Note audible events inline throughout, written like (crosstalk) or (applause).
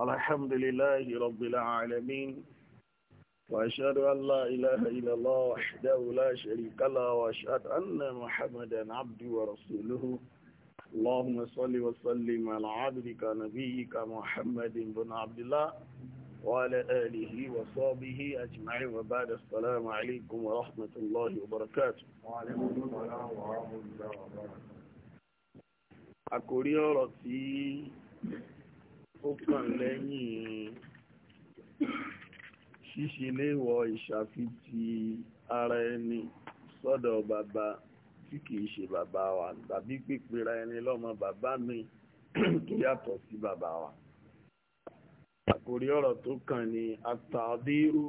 الحمد لله رب العالمين وأشهد أن لا إله إلا الله وحده لا شريك له وأشهد أن محمدا عبده ورسوله اللهم صل وسلم على عبدك نبيك محمد بن عبد الله وعلى آله وصحبه أجمعين وبعد السلام عليكم ورحمة الله وبركاته وعليكم السلام ورحمة الله وبركاته أكوري ó kàn lẹ́yìn ṣíṣe léèwọ̀ ìṣàfitì ara ẹni sọ́dọ̀ bàbá tí kìí ṣe bàbá wa tàbí pípera ẹni lọ́mọ bàbá mi (clears throat) tó yàtọ̀ sí bàbá wa. àkórí ọ̀rọ̀ tó kàn ní àtàdírú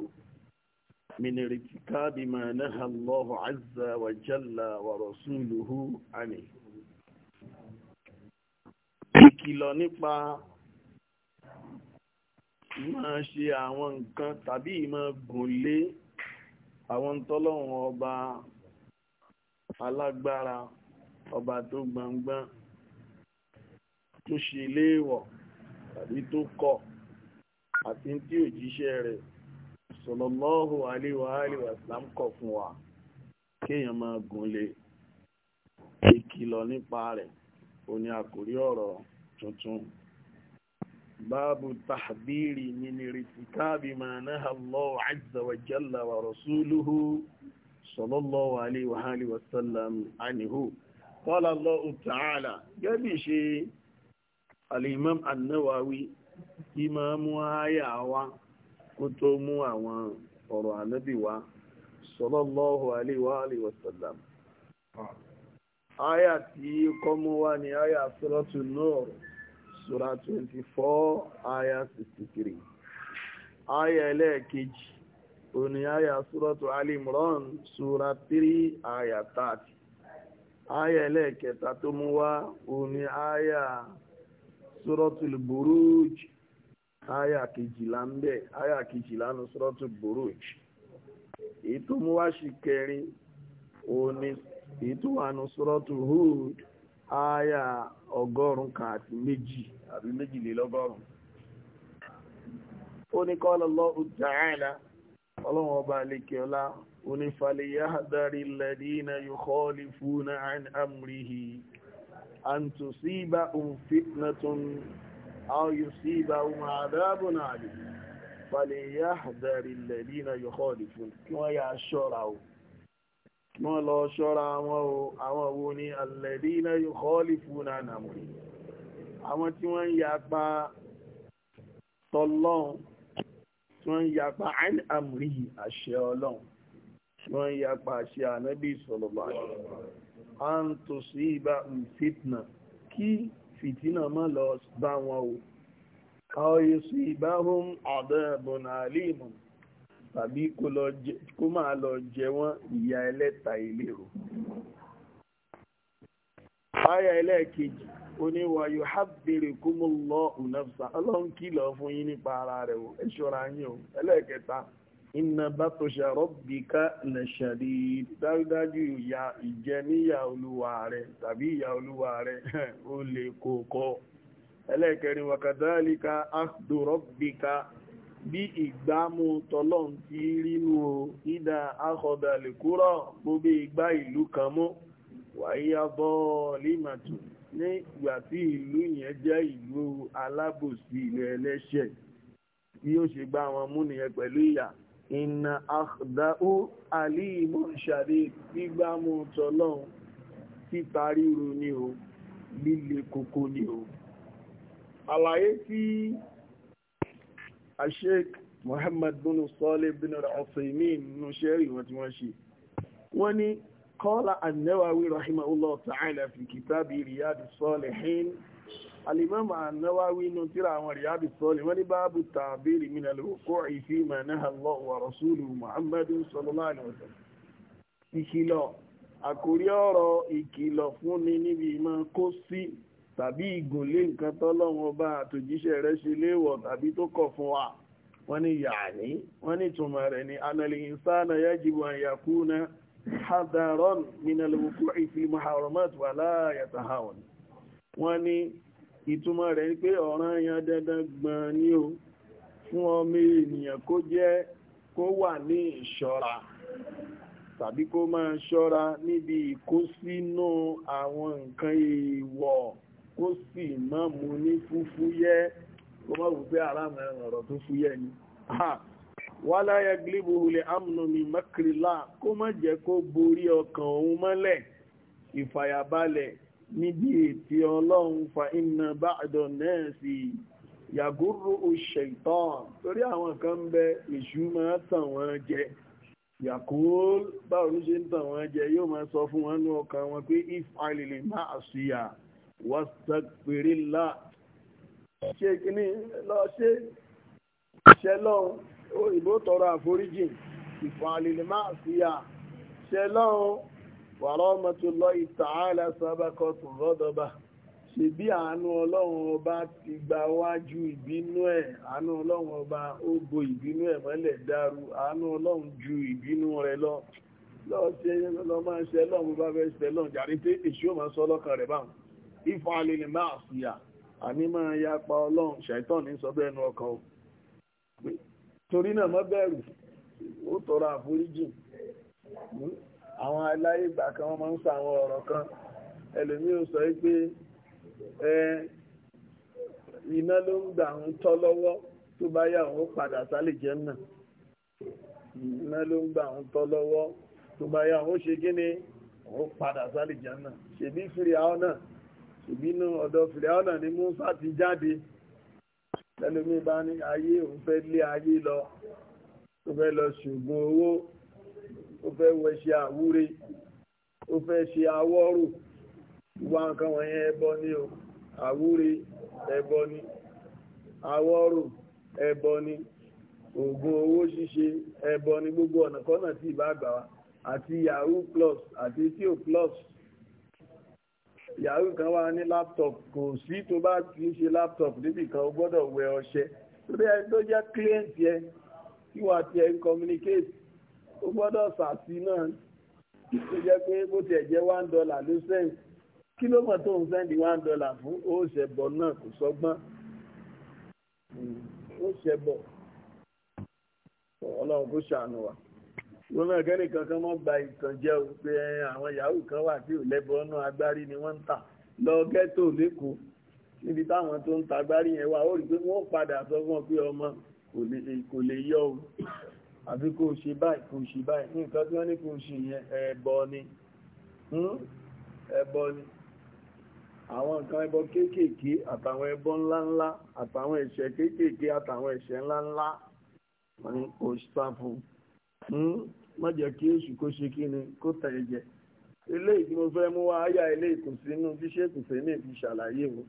من ارتكاب ما نهى الله عز وجل ورسوله عنه ìkìlọ̀ nípa máa ṣe àwọn nǹkan tàbí máa gùn lé àwọn tọ́lọ́run ọba alágbára ọba tó gbangban tó ṣe léèwọ̀ tàbí tó kọ̀ àti tí òjíṣẹ́ rẹ̀ sọ̀lọ́lọ́hù aléwà aléwà islam kọ̀ fún wa kéèyàn máa gùn lé ìkìlọ̀ nípa rẹ̀ òní àkórí ọ̀rọ̀ tuntun باب التحذير من ارتكاب ما نهى الله عز وجل ورسوله صلى الله عليه وآله وسلم عنه قال الله تعالى قبل شيء الإمام النووي إمام آية كتب وقرآن النبي صلى الله عليه وآله وسلم آية كم واني آية سورة النور sura 24, aya 63. Ayah ẹlẹ́ẹ̀kejì, òní Ayah Suratu Ali Imran, 3, aya 30. Ayah ẹlẹ́ẹ̀kẹta tó mú wá, òní Ayah Suratul Buruj, Ayah kejìlá ń bẹ̀, Ayah kejìlá ní Suratul Buruj. Èyí tó mú wá sí kẹrin, òní èyí tó wà ní ááyà ọgọ́rùn-ún kan àti méjì àbí méjìlélọ́gọ́rùn-ún ó ní qala Allahu ta'ala ọlọ́run ọba àlekè ọlá onífàlẹ̀yáhàdárí alladhina yukhalifuna an amrihi an tusibahum fitnatun aw yusibahum adhabun alim fàlẹ̀yáhàdárí wọ́n lọ ṣọ́ra wọn o àwọn wo ni alladina yukhalifuna àmúrí àwọn tí wọ́n ń yapa tọlọ́hun tí wọ́n ń yapa àn àmúrí àṣẹ ọlọ́hun tí wọ́n ń yapa àṣẹ ànábì sallallahu alaihi wasallam an tusibahum fitna kí fìtínà má lọ bá wọn o àwọn yóò sí ìbáhùn adabun alimun tàbí kó máa lọ jẹ wọ́n ìyà ẹlẹ́ta ìlérò. Báyà ẹlẹ́ẹ̀kejì, ó ní wà yóò hábèrè kó mú lọ ònàfsà, ọlọ́run kìlọ̀ fún yín nípa ara rẹ̀ o, ẹ ṣọ́ra yín o. Ẹlẹ́ẹ̀kẹta, iná bá tó ṣàrọ́ bí ká nà ṣàrí dájúdájú ìyà ìjẹ níyà olúwa rẹ̀ tàbí ìyà olúwa rẹ̀ (laughs) ó lè kókó. Ẹlẹ́ẹ̀kẹrin, wàkàdálíkà, áhdùrọ́bíkà, bí ìgbámú tọ́lọ́n ti rínú o ìdá akọ̀dàlẹ̀kúrọ̀ gbogbo ìgbá ìlú kan mú wàíyá bọ́ límàtù ní ìgbà tí ìlú yẹn jẹ́ ìlú alábòsí ilẹ̀ ẹlẹ́ṣẹ̀ tí ó ṣe gbá wọn mú nìyẹn pẹ̀lú ìyà ìnà àdáhù alíìmọ̀ ṣàdé gbígbámú tọ́lọ́n títa ríru ni o líle koko ni o àlàyé tí Sheikh Muhammad bin Salih bin Al-Uthaymeen nínú ṣẹ́rì wọn tí wọ́n ṣe wọ́n ní qala an-Nawawi rahimahullah ta'ala fi kitabi Riyadus Salihin alimama an-Nawawi nínú tíra àwọn Riyadus Salihin wọ́n ní báàbù ta'biri min al-wuqu'i fima naha Allah wa tàbí ìgòlé nǹkan tọ́lọ́run ọba àtòjíṣẹ́ rẹ̀ ṣe léèwọ̀ tàbí tó kọ̀ fún wa wọ́n ní yàní wọ́n ní túmọ̀ rẹ̀ ní anàlẹ̀ ìsáànà yajibu an yakuna hadaron minal wuqu'i fi muharramat wà láyàtà hàn wọ́n ní ìtumọ̀ rẹ̀ pé ọ̀ràn yan dandan gbọ̀n ni o fún ọmọ ènìyàn kó jẹ́ kó wà ní ìṣọ́ra tàbí kó máa ṣọ́ra níbi ìkó sínú àwọn nǹkan èèwọ̀ kó sì mọ́ mu ní fúfúyẹ́ kó mọ́ wù pé ọ̀rọ̀ tó fúyẹ́ ni wálá ya gílíbù hulẹ̀ amúnú makrila mọ́kìrìlá kó má jẹ́ kó borí ọkàn òun mọ́lẹ̀ ìfàyàbalẹ̀ níbi ètí ọlọ́run fa iná báàdọ̀ náà sí yàgúrú òṣèìtàn torí àwọn kan ń bẹ èṣù máa tàn wọ́n jẹ yàkúrú báwo ló ṣe ń tàn wọ́n jẹ yóò máa sọ fún wọn ní ọkàn wọn pé if i lè má àṣìyà wàstagfirila ṣe kíní lọ ṣe ṣẹlọ́n òyìnbó tọrọ àforíjì ìfàlìlímà síyà ṣẹlọ́n wàrọ́mọtòlọ́ ìtààlà sábàkọ́tù rọ́dọ̀bà ṣe bí àánú ọlọ́run ọba ti gba wájú ìbínú ẹ̀ àánú ọlọ́run ọba ó bo ìbínú ẹ̀ mọ́lẹ̀ dáru àánú ọlọ́run ju ìbínú rẹ̀ lọ lọ́ọ́ lọ́ọ́ máa ṣẹlọ́n bó bá fẹ́ ṣẹlọ́n jàrí pé èṣù ò máa sọ ọlọ́kàn rẹ̀ báwọn ìfọ̀ alẹ́lẹ̀ máa fìyà àní máa ya pa ọlọ́run ṣàìtàn ní sọ́bẹ̀ ẹnu ọkàn o torí náà má bẹ̀rù ó tọrọ àforíjì àwọn aláyé ìgbà kan wọ́n máa ń sọ àwọn ọ̀rọ̀ kan ẹlòmí ò sọ pé ẹ iná ló ń gbà ń tọ́ lọ́wọ́ tó bá yà wọ́n padà sálè jẹ́ náà iná ló ń gbà ń tọ́ lọ́wọ́ tó bá yà wọ́n ṣe kí ni wọ́n padà sálè jẹ́ náà ṣèbí fìrí àwọn náà ìbínú ọ̀dọ̀ fìrẹ́ọ̀nà ni Musa ti jáde lẹ́lómi bá ní ayé òun fẹ́ lé ayé lọ ó fẹ́ lọ ṣùgbọ́n owó ó fẹ́ wẹṣẹ àwúre ó fẹ́ ṣe awọ́rò ìwà nǹkan wọ̀nyẹn ẹbọ ni o àwúre ẹbọ ni awọ́rò ẹbọ ni oògùn owó ṣíṣe ẹbọ ni gbogbo ọ̀nà kọ́nà tí ìbá gbà wá àti yahoo plus àti tíò plus ìyàwó kan wá ní laptop kò sí tó bá ti ṣe laptop níbì kan ó gbọ́dọ̀ wẹ ọṣẹ torí ẹni tó jẹ́ client yẹ tí wàá tiẹ̀ ń communicate ó gbọ́dọ̀ sàtì náà tó jẹ́ pé bó tiẹ̀ jẹ́ one dollar ló sẹ́yìn kí ló mọ̀ tó ń sẹ́ndì one dollar fún ó ṣẹ̀bọ̀ náà kò sọ́gbọ́n hmm, ó ṣẹ̀bọ̀ ọlọ́run kó ṣàánú wa wọn náà kẹ́ni kankan mọ́ gba ìtànjẹ o pé àwọn yahoo kan wà tí ò lẹ́bọ̀ ọ́nà agbárí ni wọ́n ń tà lọ ghetto lẹ́kọ̀ọ́ níbi táwọn tó ń ta agbárí yẹn wà ó rí i pé wọ́n padà sọ fún ọ pé ọmọ kò lè yọ o àbí kò ṣe báyìí kò ṣe báyìí ní nǹkan tí wọ́n ní kò ṣe yẹn ẹbọ ni hmm? ẹbọ ni àwọn nǹkan ẹbọ kéékèèké àtàwọn ẹbọ ńláńlá àtàwọn ẹ̀ṣẹ̀ kéékèèké àtàwọn ẹ̀ṣẹ̀ ńláńlá wọ́n ní kò ṣàfù má jẹ́ kí èṣù kó ṣe kí ni kó tẹ̀ ẹ́ jẹ eléyìí tí mo fẹ́ mú wá áyà eléyìí kò sínú bí ṣéèkù fèmí fi ṣàlàyé o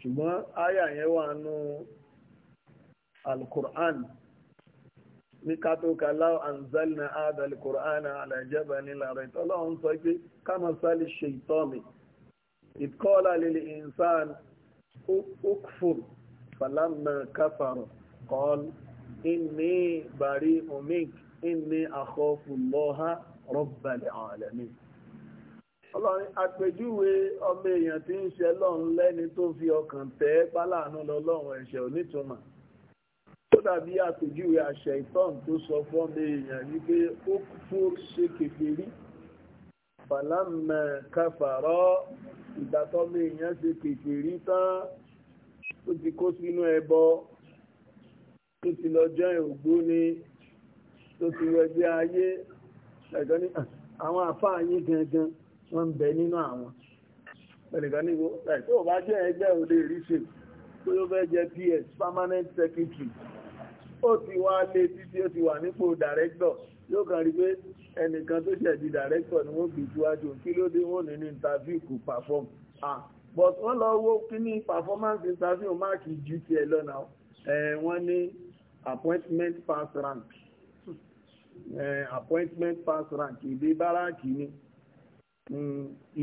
ṣùgbọ́n áyà yẹn wà nù alukur'an ní kátó ka láwọ anzalna áàdà alukur'an àlàjẹbà nílà rẹ tọ́lọ́hún sọ pé káma sálì ṣèitọ́mi ìkọ́lá lílì ìnsán ukfur falamma kafaro kọ́l inni bari omink inni akhafulloha rabbal alamin ọlọ́run àpèjúwe ọmọ èèyàn tí ń ṣe lọ́run lẹ́ni tó fi ọkàn tẹ́ páláàánú lọ lọ́run ẹ̀ṣẹ̀ onítùmọ̀ tó dàbí àpèjúwe àṣẹ ìtọ́n tó sọ fọ́mọ èèyàn wípé ó kú ṣe kékeré fàlámà káfàrọ́ ìgbà tọ́mọ èèyàn ṣe kékeré tán ó ti kó sínú ẹbọ tó ti lọ jẹ́ ògbóni tó ti wẹgbẹ́ ayé ẹ̀gọ́ ní ah, àwọn àfá ayé gangan wọ́n ń bẹ nínú àwọn ẹ̀lẹ̀gọ́ ní tó bá jẹ́ ẹgbẹ́ ò lè rí ṣe tó ló fẹ́ jẹ́ PS permanent secretary ó ti wá lé títí ó ti wà nípò director yóò kàn rí pé ẹnìkan tó ṣẹ̀ di director ni wọ́n gbé síwájú kí ló dé wọ́n ní ní interview kò perform ah but wọ́n lọ wo kíní performance interview máàkì ju tiẹ̀ lọ́nà ẹ̀ wọ́n ní appointment pass rank appointment pass rank èdè báràkì ni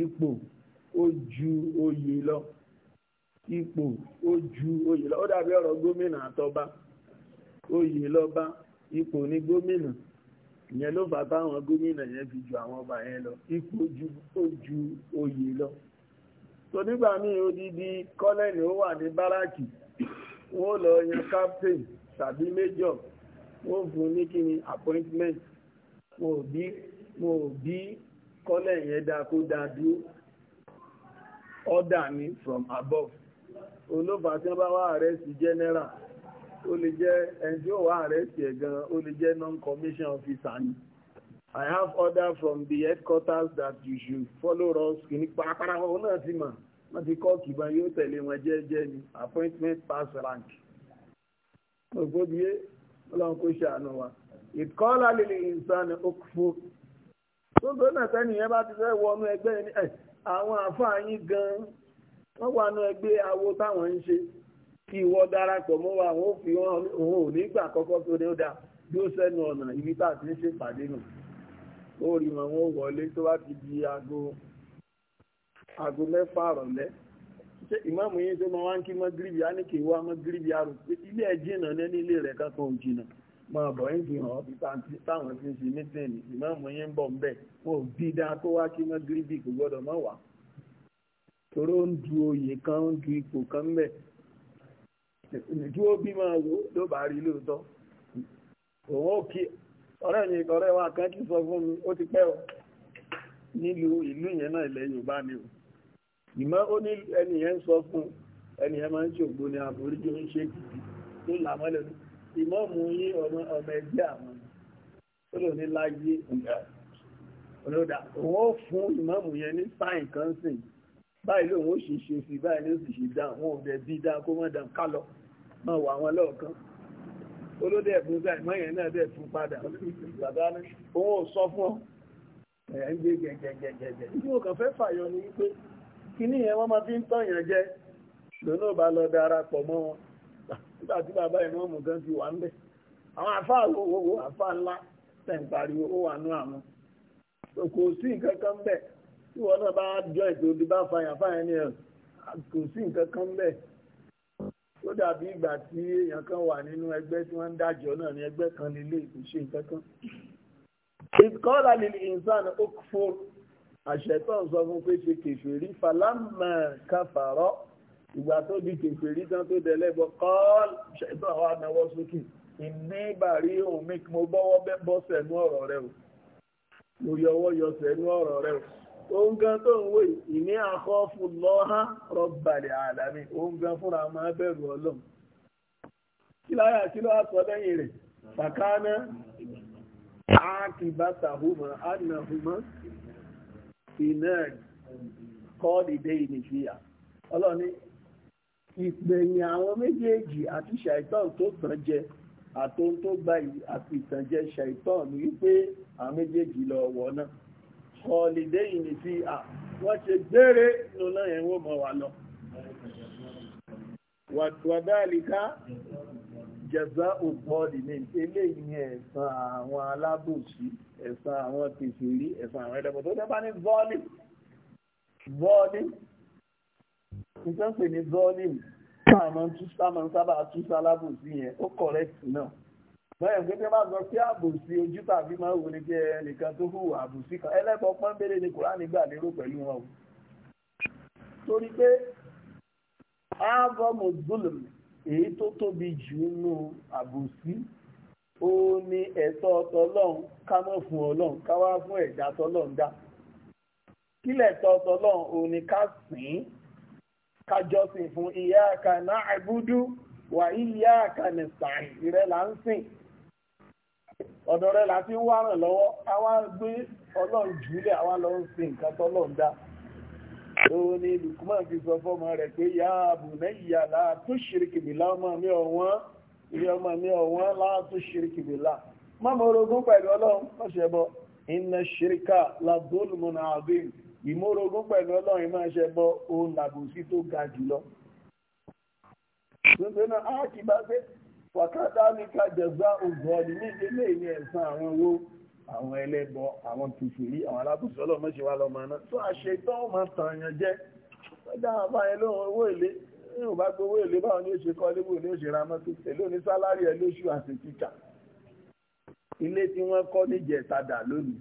ipò ó ju oyè lọ ipò ó ju oyè lọ ó dàbí ọ̀rọ̀ gómìnà àtọba oyè lọ́ba ipò ní gómìnà ìyẹn ló fà táwọn gómìnà yẹn fi ju àwọn ọba yẹn lọ ipò ó ju oyè lọ so nígbà míì odidi kọ́lẹ́nì ó wà ní báràkì wọ́n lọ yan captain tàbí major wọ́n fún ní kí ni appointment mo ò bí mo ò bí kọ́lẹ̀ yẹn dáa kó dáa dúró ni from above olófà tí wọ́n bá wá àrẹ́sì general ó lè jẹ́ ẹni tí ó wá àrẹ́sì ẹ̀ gan ó lè jẹ́ non-commission officer ni I have order from the headquarters that you should follow us kìíní parapara wọn náà ti mọ̀ wọ́n ti kọ́ kìbọn yóò tẹ̀lé wọn jẹ́jẹ́ ni appointment pass rank. ògbóbiyé ọlọ́run kò ṣàánú wa ìkọ́lá lílì ìsànì okùnfò tó tó náà sẹ́niyẹn bá ti fẹ́ wọnú ẹgbẹ́ ní ẹ̀ àwọn àfáàyín gan wọ́n wà nú ẹgbẹ́ awo táwọn ń ṣe kí ìwọ darapọ̀ mọ́ wa àwọn òfin wọn òun ò nígbà kọ́kọ́ tó ní ó dá bí ó sẹ́nu ọ̀nà ibi tá a ti ń ṣe pàdé nù ó rí wọn wọn wọlé tó bá ti di aago aago mẹ́fà rọ̀lẹ́ ṣé ìmáàmù yín tó ma wá ń kí mọ́gíríbì á ní kí wá mọ́gíríbì á rò pé ilé ẹ̀ náà ní ní ilé rẹ̀ kankan ò jìnà bọ̀ ń fi hàn ọ́ bí táwọn ti ń ṣe ìmáàmù ń bọ̀ ń bẹ̀ wọn ò bí tó wá kí mọ́gíríbì kò gbọ́dọ̀ má wà toró ń du oyè kan ń du ipò kan ń bẹ̀ bí máa wò ló bá rí lóòótọ́ òun ìmọ̀ ó ní ẹni yẹn sọ fún ẹni yẹn máa ń ṣògbó ní àforíjì ń ṣe kìkì tó là mọ́lẹ̀ ní ìmọ̀ mú yí ọmọ ọmọ ẹgbẹ́ àwọn tó lò ní láyé olódà òun ó fún ìmọ̀mù yẹn ní sáìn kan sìn báyìí lòun ó ṣe ṣe sí báyìí ló sì ṣe dá àwọn òde bí dá kó mọ̀ dàn kálọ̀ mọ̀ wà wọn lọ́ọ̀kan olóde ẹ̀fún sáì mọ́ yẹn náà dẹ̀ fún padà bàbá ní òun ò sọ fún ọ ẹ̀yà ń gbé gẹ̀gẹ̀gẹ̀gẹ̀ ìdí òkàn fẹ́ fàyọ ni wípé kíní yẹn wọ́n máa fi ń tọ̀yàn jẹ lónà bá lọ darapọ̀ mọ́ wọn nígbà tí bàbá ìmọ̀ọ́mù gan ti wà ń bẹ̀ àwọn àfáà lówó àfáà ńlá tẹ̀ ń pariwo ó wà nú àwọn kò sí nǹkan kan bẹ̀ tí wọ́n náà bá jọ ètò òdi bá fàyàn fàyàn kò sí nǹkan kan bẹ̀ ó dàbí ìgbà tí èèyàn kan wà nínú ẹgbẹ́ tí wọ́n ń dájọ́ náà ní ẹgbẹ́ kan nílé kò nǹkan kan. ìkọ́lá lè ní ìsàn ó fòrò àṣẹtọ̀ sọ fún pé ṣe kèfèrí falámà káfàárọ̀ ìgbà tó di kèfèrí tán tó dẹlẹ́bọ kọ́ọ́l ṣẹtọ̀ àwọn anáwọ́ sókè ìní ìbàrí omi mo bọ́wọ́ bọ́ sẹ́nu ọ̀rọ̀ rẹ o mo yọwọ́ yọ sẹ́nu ọ̀rọ̀ rẹ o òun gan tó ń wò ìní àkọ́fù lọ́há rọ́bàlẹ̀ àlàmì òun gan fúnra máa bẹ̀rù ọlọ́run kí láyà kí ló sọ lẹ́yìn rẹ̀ fàkánà ákìbátàhùmọ̀ ìnáà kọ́ọ̀dìdé ìnìfíà ọlọ́ni ìgbẹ̀yìn àwọn méjèèjì àti ṣàìtàn tó tàn jẹ àtòun tó gba ìtànjẹ ṣàìtàn ní wípé àwọn méjèèjì lọ wọ̀ náà kọ́ọ̀dìdé ìnìfíà wọ́n ṣe gbére nù náà ẹ̀wọ̀n mọ̀ wà lọ wàdálìká jẹ̀zá òpọ́ọ̀lì ní eléyìí ní ẹ̀san àwọn alábòsí ẹ̀san àwọn tèfèrí ẹ̀san àwọn ẹ̀dẹ̀bọ̀ tó dẹ́bá ní vọ́ọ̀lì vọ́ọ̀lì nǹkan pè ní vọ́ọ̀lì táwọn túsámọ̀ sábà túsá alábòsí yẹn ó kọ̀rẹ́tì náà bẹ́ẹ̀ pé tẹ́ bá sọ pé àbòsí ojú tàbí máa wò ní pé ẹnìkan tó hùwà àbòsí kan ẹlẹ́bọ̀ pọ́nbélé ni Kùránì gbà lérò pẹ̀lú wọn o torí pé ààbọ̀ mọ̀ gbólùmí èyí tó tóbi jù nù àbòsí ó ní ẹ̀tọ́ ọtọlọ́run ká mọ̀ fún ọlọ́run ká wá fún ẹ̀dá tọlọ́run dá kílẹ̀ tọ́ ọtọlọ́run òun ni ká sìn ín ká jọ́sìn fún iyyaka na'budu wa iyyaka nasta'in ìrẹ́ là ń sìn ọ̀dọ̀ rẹ̀ la fi ń wá ràn lọ́wọ́ àwa gbé ọlọ́run jùlẹ̀ àwa lọ ń sìn nǹkan dá. o ni Lukman fi sọ fọ́mọ rẹ̀ pé yá àbù náyà látún ṣìrìkìbìlá ọmọ mi ọ̀wọ́n ilé ọmọ mi ọ̀wọ́n la ṣìrìkìbìlá mọ́mọ́ orogún pẹ̀lú ọlọ́run mọ́ṣẹ́ bọ́ iná ṣìríkà làbólùmọ́nà àbín ìmórogún pẹ̀lú ọlọ́run máa ṣe bọ́ òun làbòsí tó ga jùlọ. tuntun náà a kì bá wàkàtà ní ká jẹ̀zá ilé ìní ẹ̀sán àwọn owó àwọn ẹlẹ́bọ àwọn kìfìrí àwọn alábùsọ́lọ̀ mọ́ ṣe wá lọ́mọ náà tó àṣẹ tán ọmọ tààyàn jẹ́ ọjà àbá ẹ lóhun owó èlé ní ò bá gbowó èlé báwọn ni ó ṣe kọ́ lébò ni ó ṣe ra mọ́tò èlé òní sálárì ẹ lóṣù àti títà ilé tí wọ́n kọ́ níjẹ̀tadà lónìí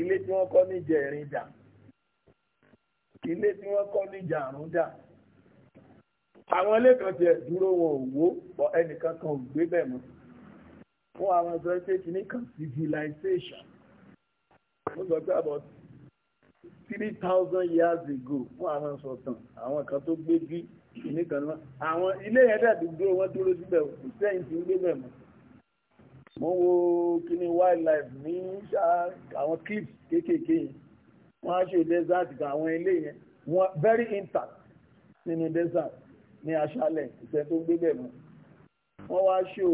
ilé tí wọ́n kọ́ níjẹ̀rin dà ilé tí wọ́n kọ́ níjàrún dà àwọn ilé kan tiẹ̀ dúró wọn ò wó ẹnìkan kan ò gbé bẹ̀ wọ́n àwọn ẹ̀sọ́ pé kìíní kan civilization mo sọ pé about three thousand years ago fún àwọn sọ̀tàn àwọn kan tó gbé bí kìíní kan ní wọn àwọn ilé yẹn dàbí dúró wọn dúró síbẹ̀ kò sẹ́yìn tí ń gbé bẹ̀ mọ́ mo wo kíní wildlife ní àwọn cliff kéékèèké yẹn wọ́n á ṣe desert kan àwọn ilé yẹn wọ́n very intact nínú desert ní aṣálẹ̀ ìfẹ́ tó gbé bẹ̀ mọ́ wọ́n wá ṣe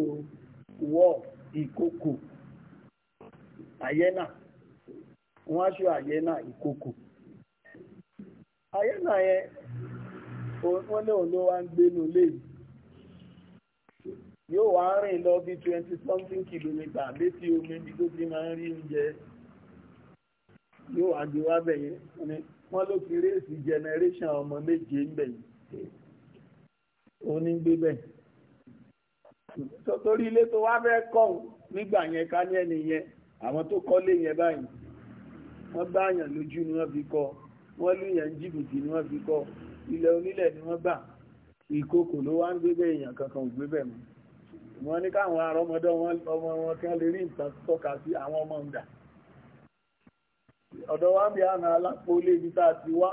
wọ́ọ̀ ìkókò àyẹ́nà wọ́n aṣọ àyẹ́nà ìkókò àyẹ́nà yẹn wọ́n lóun ló wá ń gbénu léyìí yóò wá rìn lọ bí twenty something kilomita létí omi ibi tó ti máa ń rí oúnjẹ yóò wá gbé wá bẹ̀ wọ́n ló fi réèsì generation ọmọ méje ń torí ilé tó wá fẹ́ kọ́ nígbà yẹn ká ní ẹni yẹn àwọn tó lé yẹn báyìí wọ́n gbá lójú ni wọ́n fi kọ́ wọ́n lù yẹn jìbìtì ni wọ́n fi kọ́ ilẹ̀ onílẹ̀ ni wọ́n gbà ìkòkò ló wá ń gbé ní kan lè rí nǹkan tọ́ka sí àwọn ọmọ ọ̀dọ̀ wa ń bí alápò ibi tá a ti wá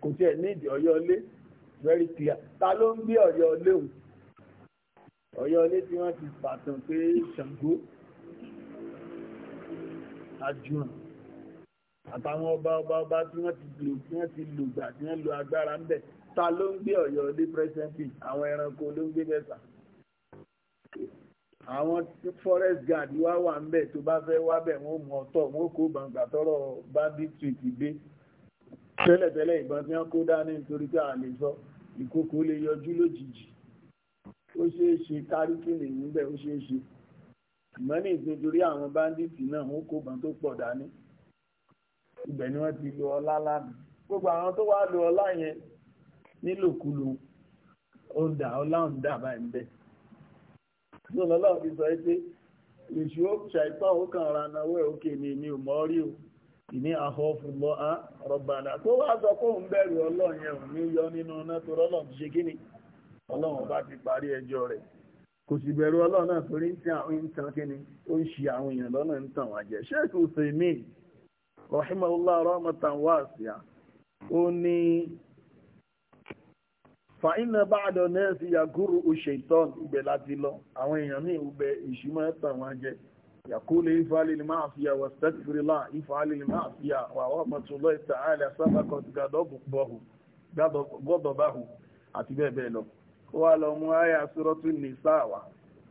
kò tiẹ̀ ní ìdí ta ló ń gbé òun ọ̀yọ́ ilé tí wọ́n ti pàtàn pé ṣàngó àjùmọ̀ àtàwọn ọba ọba ọba tí wọ́n ti lò tí wọ́n ti lò gbà tí wọ́n lo agbára ń bẹ̀ ta ló ń gbé ọ̀yọ́ ilé presently àwọn ẹranko ló ń gbé bẹ́sà àwọn forest guard wá wà ń bẹ̀ tó bá fẹ́ wá bẹ̀ wọ́n mú ọ̀tọ̀ wọ́n kó gbàǹgbà tọrọ bandit street gbé tẹ́lẹ̀tẹ́lẹ̀ ìbọn tí wọ́n kó dání nítorí pé àlè sọ ìkókó lè yọjú lójijì ó ṣeé ṣe kárí kí lè níbẹ̀ ó ṣeé ṣe ṣùgbọ́n ní ìsìn torí àwọn báńdíìtì náà ó kó bàn tó pọ̀ dání ibẹ̀ ni wọ́n ti lo ọlá lánàá gbogbo àwọn tó wá lo ọlá yẹn nílòkulò ọ̀dà ọlá ọ̀dà báyìí bẹ́ẹ̀ lọ́lọ́lọ́ fi sọ pé èṣù ó ṣàìpá ó kàn ra náwó ẹ̀ òkè ni èmi ò mọ̀ rí o ìní àhọ́ fún á rọ̀bàdà tó wá sọ pé òun bẹ̀rù ọlọ́run yẹn òun ní yọ nínú náà tó rọ́lọ́ ṣe kí ni ọlọ́run bá ti parí ẹjọ́ rẹ̀ kò sì bẹ̀rù ọlọ́run náà torí ń àwọn ń tàn kíni ó ń ṣe àwọn èèyàn lọ́nà ń tàn wá sheikh usaimin rahimahullah rahmatan ó ní fàínà báàdọ̀ ibẹ̀ láti lọ àwọn èèyàn ní ìbẹ̀ ìṣúmọ̀ tàn wá jẹ يقول افعل لما فيها واستغفر الله افعل لما فيها ورحمة الله تعالى سبقت àti lọ ó wá lọ mú àyà sọ́rọ́tù nìsá wa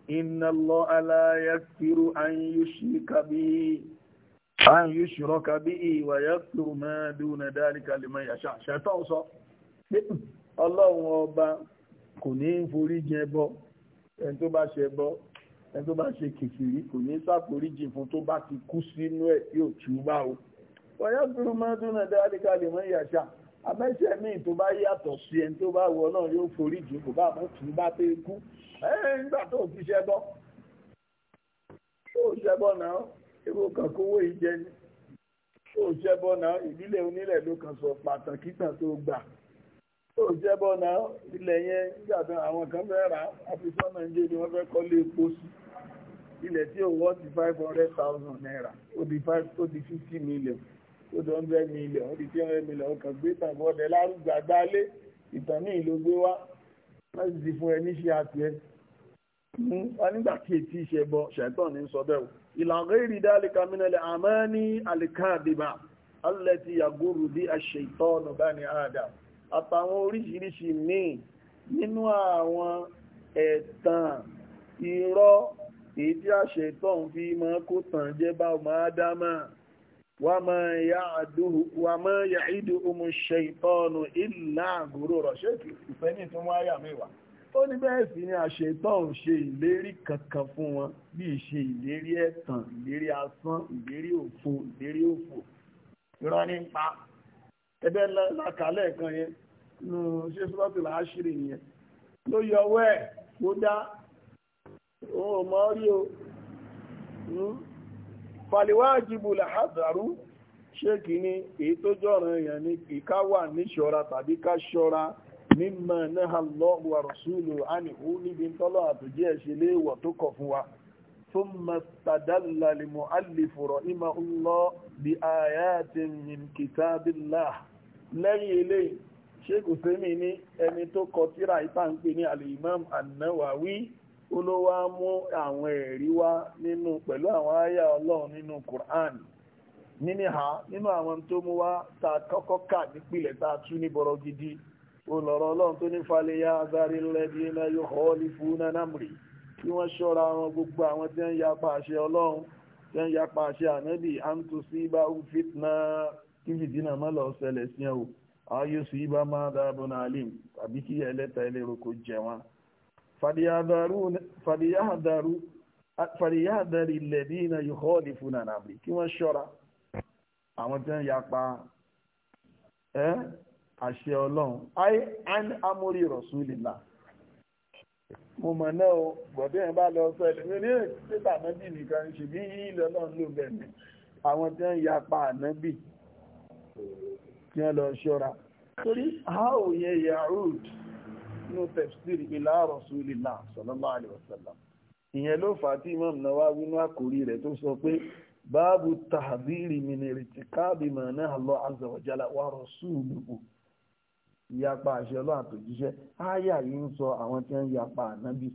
inna Allaha la yaghfiru an yushrika bihi an yushraka bihi wa yaghfiru ma duna dhalika liman yasha ṣẹ̀tọ́ sọ ọlọ́run ọba bá ṣe kìkìrí kò ní fún tó bá ti kú sínú ẹ̀ o abẹ́ṣẹ̀ míì tó bá yàtọ̀ sí ẹni tó bá wọ náà yóò forí jù kò bá mọ́ tù bá pé kú ẹ̀ẹ́n nígbà tó ti ṣẹbọ tó ṣẹbọ náà èrò kan kówó ìjẹ ni tó ṣẹbọ náà ìdílé onílẹ̀ ló kan sọ pàtàkì tàn tó gbà tó ṣẹbọ náà ilẹ̀ yẹn nígbà tó àwọn kan fẹ́ rà àfisọ́ náà ń jẹ́ ni wọ́n fẹ́ kọ́lé epo sí ilẹ̀ tí ò wọ́n ti five hundred thousand naira ó di fifty million tó dọ̀ ń bẹ́ mílíọ̀n ó di tí wọ́n mílíọ̀n ó kàn gbé tàbọ̀dẹ̀ lárúgbà gbálé ìtàn ní ìlú gbé wá wọ́n sì ti fún ẹ níṣẹ́ àti ẹ. Hmm, wọ́n nígbà kí etí iṣẹ́ bọ ṣẹ̀tàn ní sọ bẹ́ẹ̀ ìlànà èrì dálé kamínẹ́lẹ̀ àmọ́ ní àlìkáàdìbà alẹ́tì yàgòrò bí aṣètọ́ ọ̀nà bá ní àdà àtàwọn oríṣiríṣi míì nínú àwọn ẹ̀tàn irọ́ èyí tí àṣetọ́ ń fi mọ́ kó tàn jẹ́ bá ọmọ ádámà wàmọ́ yà ìdí omi ṣe ìtọ́nù ìlà àgúrò rọ̀ṣẹ́kì ìfẹ́ni wá yà mẹ́wàá ó ní bẹ́ẹ̀ sì ni àṣetọ́n ṣe ìlérí kankan fún wọn bí i ṣe ìlérí ẹ̀tàn ìlérí asán ìlérí òfo ìlérí òfo ni nkpa. pa ẹgbẹ́ kan yẹn nù ṣé sọ́tò láṣìírí yẹn ló yọwọ́ ẹ̀ kó dá mọ́ o hmm? fàlíwájìbù làhádàrú ṣé kì ní èyí tó jọ́ràn èèyàn ní ìká wà ní ṣọ́ra tàbí ká ṣọ́ra mímọ̀ náà lọ́wọ́ àrùsùlù àníhú níbi tọ́lọ́ àtòjẹ́ ẹ̀ṣẹ̀ léèwọ̀ tó kọ̀ fún wa fún mọ̀tàdálà lè mọ̀ àlèfòrọ̀ ìmọ̀ ńlọ bí ó ló wá mú àwọn ẹ̀rí wá nínú pẹ̀lú àwọn àyà ọlọ́run nínú Qur'an níní ha nínú àwọn tó mú wá ta kọ́kọ́ kà nípìlẹ̀ ta tú ní gidi olọ̀rọ̀ ọlọ́run tó ní falẹ̀ ya azari lladhina yukhalifuna namri kí wọ́n ṣọ́ra wọn gbogbo àwọn tí ń yapa àṣẹ ọlọ́run tí ń yapa àṣẹ ànábì antusibahum fitna kí fìdínà má lọ sí o ayé sí ibà má dábọ̀nà tàbí kí ẹlẹ́ta ẹlẹ́rọ fàdíyàdàrí lẹ̀dí iná yóò dì fún ànàbì kí wọ́n ṣọ́ra àwọn tí wọ́n yapa ẹ́ àṣẹ ọlọ́run ayé an amórí rọ̀súlìlá mo mọ̀ náà o bọ̀dé ẹ̀ bá lọ sọ ẹ̀lẹ́mí ní pépà nábì nìkan ṣe bí yí lọ́lọ́run ló bẹ̀rẹ̀ àwọn tí wọ́n yapa ànábì kí wọ́n lọ ṣọ́ra torí how yẹ yahoo nínú tẹ̀síìrì ìlà Rasulillah sallallahu alaihi wasallam ìyẹn ló fà á tí Imam Nawawi nínú àkórí rẹ̀ tó sọ pé báàbù tàbíìrì mìnìrì ti káàbì mọ̀ọ́nà Allah azza wa jalla wa rasuluhu ìyapa àṣẹ ọlọ́run àtòjíṣẹ́ ááyà yìí ń sọ àwọn tí wọ́n ń yapa ànábì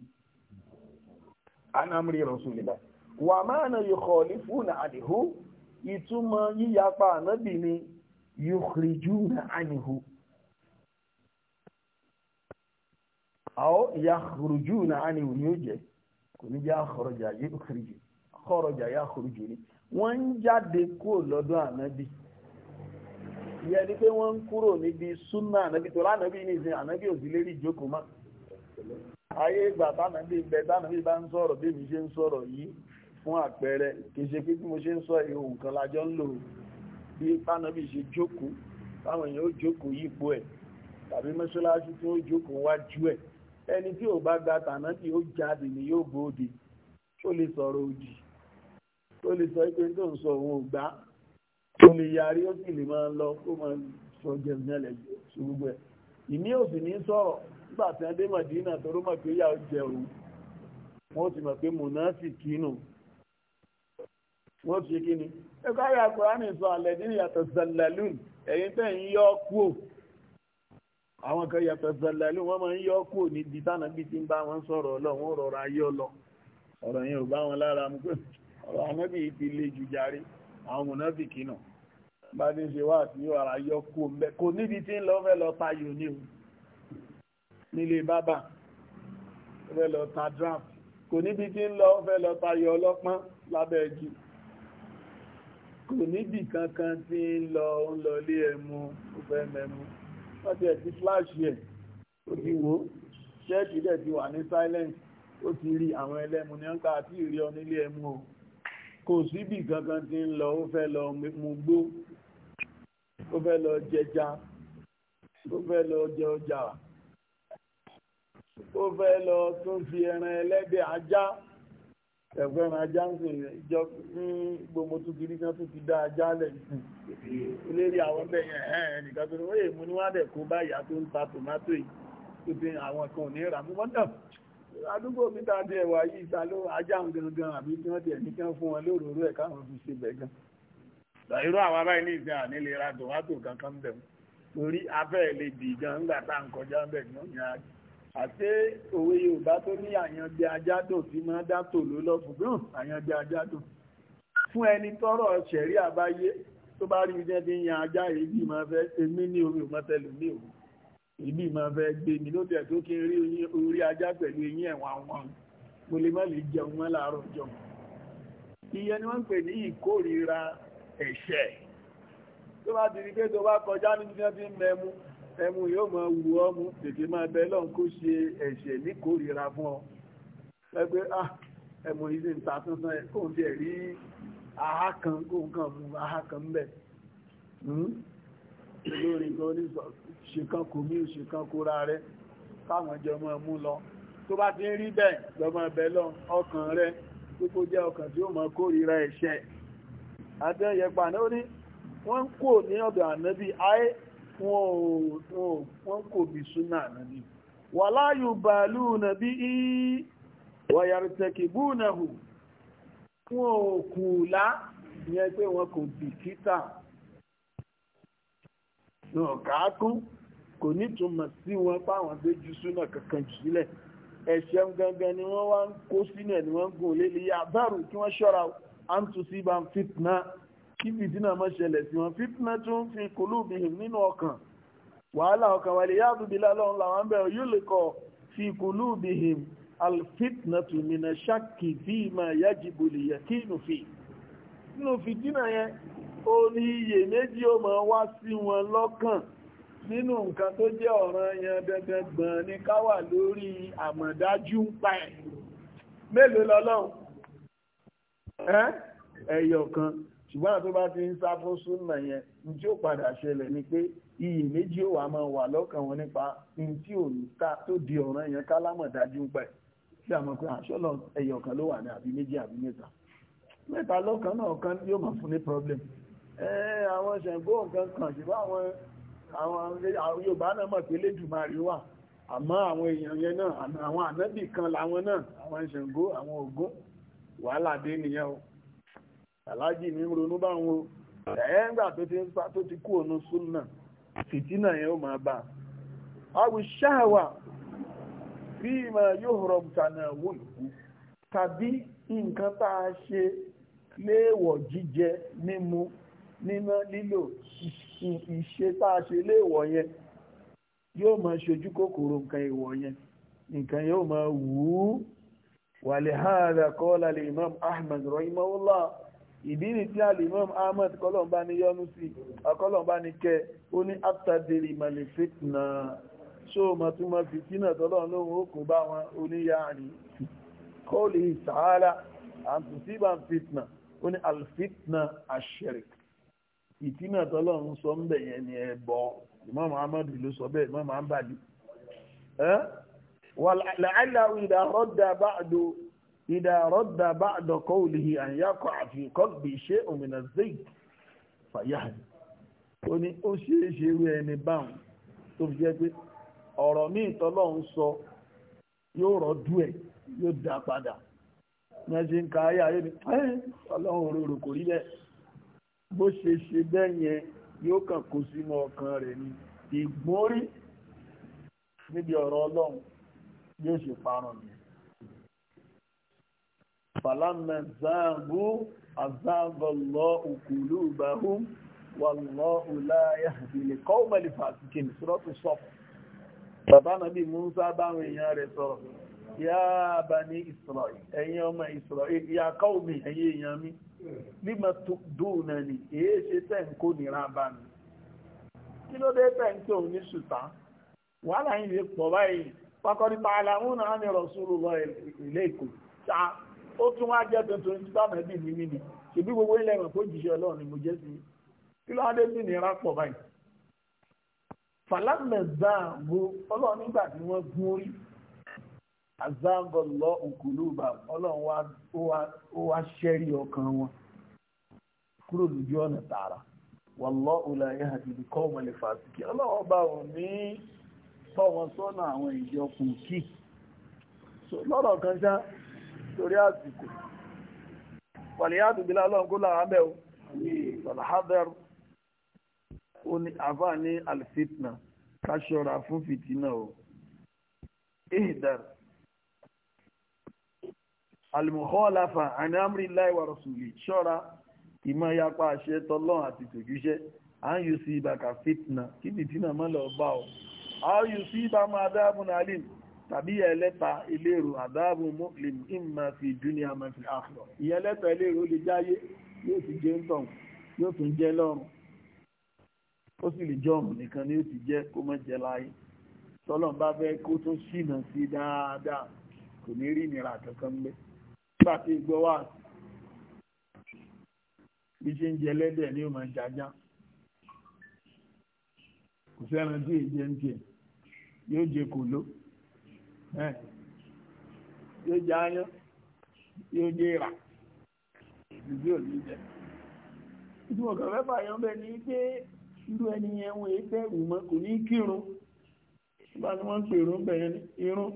anamri rasulillah wà máa na yukhalifuna anhu ìtumọ̀ yíyapa ànábì ni yukhriju na anhu àwọ yakhruju náà á ní òní ó jẹ kò ní jẹ́ àkọrọjà yakhruju àkọrọjà yakhruju ni wọ́n ń jáde kúrò lọ́dọ̀ ànábì ìyẹn ni pé wọ́n ń kúrò níbi súnà ànábì tó lánàbì ní ìsìn ànábì ò sí lérí ìjókòó má ayé ìgbà tánàbì bẹ tánàbì bá ń sọ̀rọ̀ bí mi ṣe ń sọ̀rọ̀ yìí fún àpẹẹrẹ kì í ṣe pé bí mo ṣe ń sọ ìhò nǹkan lájọ́ ń lò bí tánàbì ṣe jókòó táwọn èèyàn ó jókòó yípo ẹ̀ tàbí mọ́ṣáláṣí tí ó jókòó wájú ẹ̀ ẹni tí ò bá tàná tí ó jáde ni yóò bóde tó lè sọ̀rọ̀ òdì tó lè sọ tó ń sọ òun ò gbá lè yarí ó sì lè máa lọ kó máa sọ jẹun ò sì ní sọ̀rọ̀ nígbà tí mọ̀ pé yà ó jẹ òun wọ́n mọ̀ pé kínú wọ́n kí ni ẹ̀kọ́ sọ nínú yàtọ̀ àwọn kan yàtọ̀ zẹlẹ̀lú wọ́n máa ń yọ́ kò ní di tánàbí tí ń bá wọn sọ̀rọ̀ ọlọ́run rọra yọ́ lọ ọ̀rọ̀ yẹn ò bá wọn lára mú pé ọ̀rọ̀ anábì ti lè jù járe àwọn mọ̀nàbì kìnà bá ní ṣe wá àti yóò ara yọ́ kò mbẹ kò níbi tí ń lọ fẹ́ lọ tayò ní o nílé bábà fẹ́ lọ ta draft kò níbi tí ń lọ fẹ́ lọ tayò ọlọ́pọ́n lábẹ́ ẹjì kò níbi kankan tí ń lọ ń lọ lé ẹmu ó fẹ́ mẹ́mu wọ́n ti ẹ̀ ti flash yẹ̀ ó ti wò ó ṣẹ́ẹ̀kì dẹ̀ ti wà ní silence ó ti rí àwọn ẹlẹ́mu ní ọ́nkà àti ìrí ọ nílé ẹmu o kò síbì gangan ti ń lọ ó fẹ́ lọ mu gbó ó fẹ́ lọ jẹja ó fẹ́ lọ jẹ ọjà ó fẹ́ lọ tún fi ẹran ẹlẹ́dẹ̀ ajá ẹ̀fẹ́ràn ajá ń sìn ìjọ ní gbogbo tó kiri kan tó ti dá ajá lẹ̀ lérí àwọn bẹ̀yẹn ẹ̀ẹ́ nìkan tó ní ó yè mú níwádẹ̀ kó báyà tó ń ta tòmátò yìí tó ti àwọn kan ò ní rà mú wọ́n dàn àdúgbò mi ta di ẹ̀wà yìí ta ló ajá ń gangan àbí tí wọ́n ti ẹ̀ ní kí wọ́n fún wọn lóròró ẹ̀ káwọn fi ṣe bẹ̀ gan. irú àwọn abáyé ní ìsìn àní tòmátò kankan bẹ̀ torí afẹ́ lè dì gan ńgbà tá à ń kọjá bẹ̀ ní àti òwe Yorùbá tó ní àyànjẹ ajádùn tí máa dátò ló lọ ṣùgbọ́n àyànjẹ ajádùn fún ẹni tọ́rọ̀ ṣẹ̀rí àbáyé tó bá rí iṣẹ́ tí ń yan ajá ibi máa fẹ́ èmi ní orí òmọ́tẹ́lù ní òun ibi máa fẹ́ gbé mi ló tẹ̀ tó kí n rí orí ajá pẹ̀lú eyín ẹ̀wọ̀n àwọn mo lè má lè jẹun mọ́ láàárọ̀ jọ iye ni wọ́n ń pè ní ìkórìíra ẹ̀ṣẹ̀ tó bá ti rí pé tó bá kọjá ní ẹmu yóò mọ wù ọ́ mú tètè máa bẹ lọ́n kó ṣe ẹ̀ṣẹ̀ ní kórìíra fún ọ ẹgbẹ́ ah ẹmu yìí sì ń ta tuntun ẹ kóun tiẹ̀ rí aha kan kóun kan mú aha kan bẹ̀ hmm? olórin kan ní ṣèkan kò mí ṣèkan kóra rẹ káwọn jọ mọ mú lọ tó bá ti ń rí bẹ́ẹ̀ lọ́mọ bẹ lọ́n ọkàn rẹ kókó jẹ́ ọkàn tí ó mọ kórìíra ẹ̀ṣẹ̀ àti ẹ̀yẹ̀pà náà ó ní wọ́n kò ní ọ̀dọ̀ ànábì ayé wọ́n kò bí súnà nàbí wà láyù bàálù nàbí í wàyàrìtẹ̀kì bú nàhù wọ́n ò kù lá yẹn pé wọ́n kò bìkítà náà káàkún kò nítumọ̀ sí wọn páwọn gbéjú súnà kankan jù sílẹ̀ ẹ̀ṣẹ̀ gangan ni wọ́n wá ń kó sínú ni wọ́n ń gùn lé lè yá bẹ́rù kí wọ́n ṣọ́ra àǹtùsí fitna kí fìtínà má ṣẹlẹ̀ sí wọn fìtínà tún fi kulubihim nínú ọkàn wàhálà ọkàn wà lè yáàbù bí lálọ́run làwọn bẹ̀rẹ̀ yóò lè kọ fi kulubihim alfitna tún nínú ṣáàkì bí ma yajibu li yakinu fi nínú fìtínà yẹn ó ní iye méjì ó máa wá sí wọn lọ́kàn nínú nǹkan tó jẹ́ ọ̀ràn yẹn dandan gbọ̀n ni ká wà lórí àmọ̀dájú ń pa ẹ̀ mélòó lọ́lọ́run ẹ̀yọ̀ kan ṣùgbọ́n tó bá ti ń sá fún súnà yẹn ní tí ó padà ṣẹlẹ̀ ni pé iyì méjì ó wà máa wà lọ́kàn wọn nípa ní tí ò ní ká tó di ọ̀ràn yẹn kálámọ̀ dájú pẹ̀ tí a mọ̀ pé àṣọ́lọ̀ ẹyọ kan ló wà ní àbí méjì àbí mẹ́ta mẹ́ta lọ́kàn náà kan yóò máa fún ní problem àwọn ṣẹ̀gbó nǹkan kan ṣùgbọ́n àwọn àwọn Yorùbá náà mọ̀ pé lẹ́dùmarè wà àmọ́ àwọn èèyàn yẹn náà àwọn ànábì kan làwọn náà àwọn aláàjì mi ń ronú báwọn o ẹ̀ẹ́ngbà tó ti ń tó ti kú ònú súnà fìtínà yẹn ó máa bá awi ṣáàwà bí yóò rọ̀ tànà wò tàbí nǹkan tá a ṣe léèwọ̀ jíjẹ mímu níná lílò ìṣe tá a ṣe léèwọ̀ yẹn yóò máa ṣojú kòkòrò nǹkan ìdíni tí alimam ahmed kọlọ̀mbá ní yọ́nú sí ọkọlọ̀mbá ní kẹ ó ní aftadiri malifitna ṣó mọ̀túnmọ̀ fìtínà tọ́lọ́run lóhun ó kò bá wọn oníyàáni kọ́ọ̀lì sàárà àtúntíbà fitna ó ní alfitna asherik ìtínà tọ́lọ́run sọ ń bẹ̀ yẹn ni ẹbọ imam ahmed ló sọ bẹ́ẹ̀ imam ahmed wàlàálà ìdá rọ́dà báàdó إذا رد بعد قوله أن يقع في قلبي شيء من الزيت فيهدي ó ní ó ṣeéṣe rí ẹni báwọn tó fi jẹ́ pé ọ̀rọ̀ míì tọ́lọ́run sọ yóò rọ́dú ẹ̀ yóò dá padà yẹn ṣe ń ka ayé ayé ni ẹ́ ọlọ́run òróró kò rí bẹ́ẹ̀ bó ṣe ṣe bẹ́ẹ̀ yẹn yóò kàn kó sínú ọkàn rẹ̀ ni ìgbórí níbi ọ̀rọ̀ ọlọ́run yóò ṣe parun fàlámà záàgó àzáàgọ́lọ́ òkúlù ìbáhùn wàlọ́ òláyà ìlẹ̀ kọ́ọ̀mọ̀lì fàtíkì ní sọ́tù sọ́fù bàbá nàbí Musa báwọn èèyàn rẹ̀ sọ̀rọ̀ yá bá ní Israel ẹ̀yin ọmọ Israel yá kọ́ọ̀mì ẹ̀yin èèyàn mi nígbà tó dùn ní èé ṣe tẹ́ ń kó nira bá mi kí ló dé tẹ́ ń tó ní ṣùtá wàhálà yìí pọ̀ báyìí pákọ́ nípa alámúnà á ní rọ̀ sórò lọ ilé ìkò ṣáà ó tún wá jẹ́ tuntun ní bá mẹ́bí mi ṣèbí gbogbo ilẹ̀ ìwọ̀n kó ọlọ́run ni mo jẹ́ sí kí ló wá dé sí ìnira pọ̀ báyìí. ọlọ́run nígbà tí wọ́n gún orí òkúlùbà ọlọ́run ó wá ṣẹ́rí ọkàn wọn kúrò lójú ọ̀nà tààrà wallahu la yahdi al bá wọn ní torí àsìkò wàlíyàtù bí lálọ́n kó láwọn abẹ́ o sọ̀làhádẹ́rù ó ní àfáà ní alfitna ká ṣọ́ra fún fìtínà o ihdar almukhalafa an amrillahi wa rasuli ṣọ́ra ìmọ̀ yapa àṣẹ tọ́lọ́n àti tòjúṣẹ́ à ń yù sí ibà ká fitna kí fìtínà má lọ bá o a yù sí alim tàbí ẹlẹ́ta ilérò àdáàbò mọ́kìlìm ìmà fi dúnìyà máa fi àfọ̀ ìyẹlẹ́ta ilérò lè jáyé yóò ti jẹ́ ń tàn yóò tún jẹ́ lọ́run ó sì lè jẹ́ ọ̀run nìkan ni ó ti jẹ́ kó má jẹ́ láyé tọ́lọ́n bá fẹ́ kó tún ṣìnà sí dáadáa kò ní rí ìnira kankan gbé nígbà tí gbọ́ wà bí ṣe ń jẹ lẹ́dẹ̀ ni ó máa jájá kò sẹ́ran tí èjẹ́ ń tiẹ̀ yóò jẹ kò ló yóò jẹ ayán yóò jẹ ìrà ìdí òní jẹ ìtumọ̀ kan fẹ́ fàyọ́ bẹ́ẹ̀ ni pé irú ẹni yẹn wọ́n èé bẹ̀rù ni kò ní kírun nígbà tí wọ́n ń pè irun bẹ̀rẹ̀ irun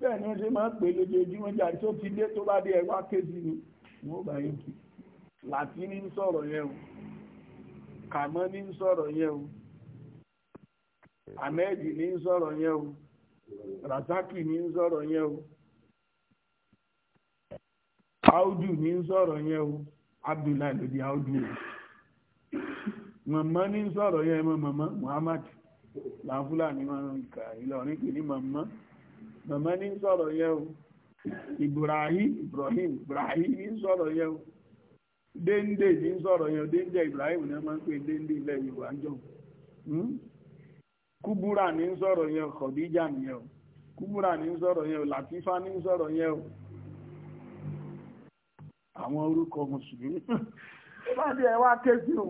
ma ni wọ́n ṣe máa ń pè lójoojúmọ́ jà tó ti dé tó bá dé ẹwà kéjì ni wọ́n bá yín kí láti ní soro o soro rataki ni n so ro nye o audu ni n so ro nye o abdulali di audu o mma mma ni n so ro nye eme mma muhammadu lafula ni nwere nka ilorikiri mma ni n so ro nye o ibrahim ibrahim ni n so ro nye o dey nde si ibrahim ni a ma n pe dey nde ile iwe kúbúrà ní sọ̀rọ̀ yẹn kọ̀díjà nìyẹn o kúbúrà ní sọ̀rọ̀ yẹn o làtífà ní sọ̀rọ̀ yẹn o àwọn orúkọ mùsùlùmí ó bá dé ẹwà ké sí o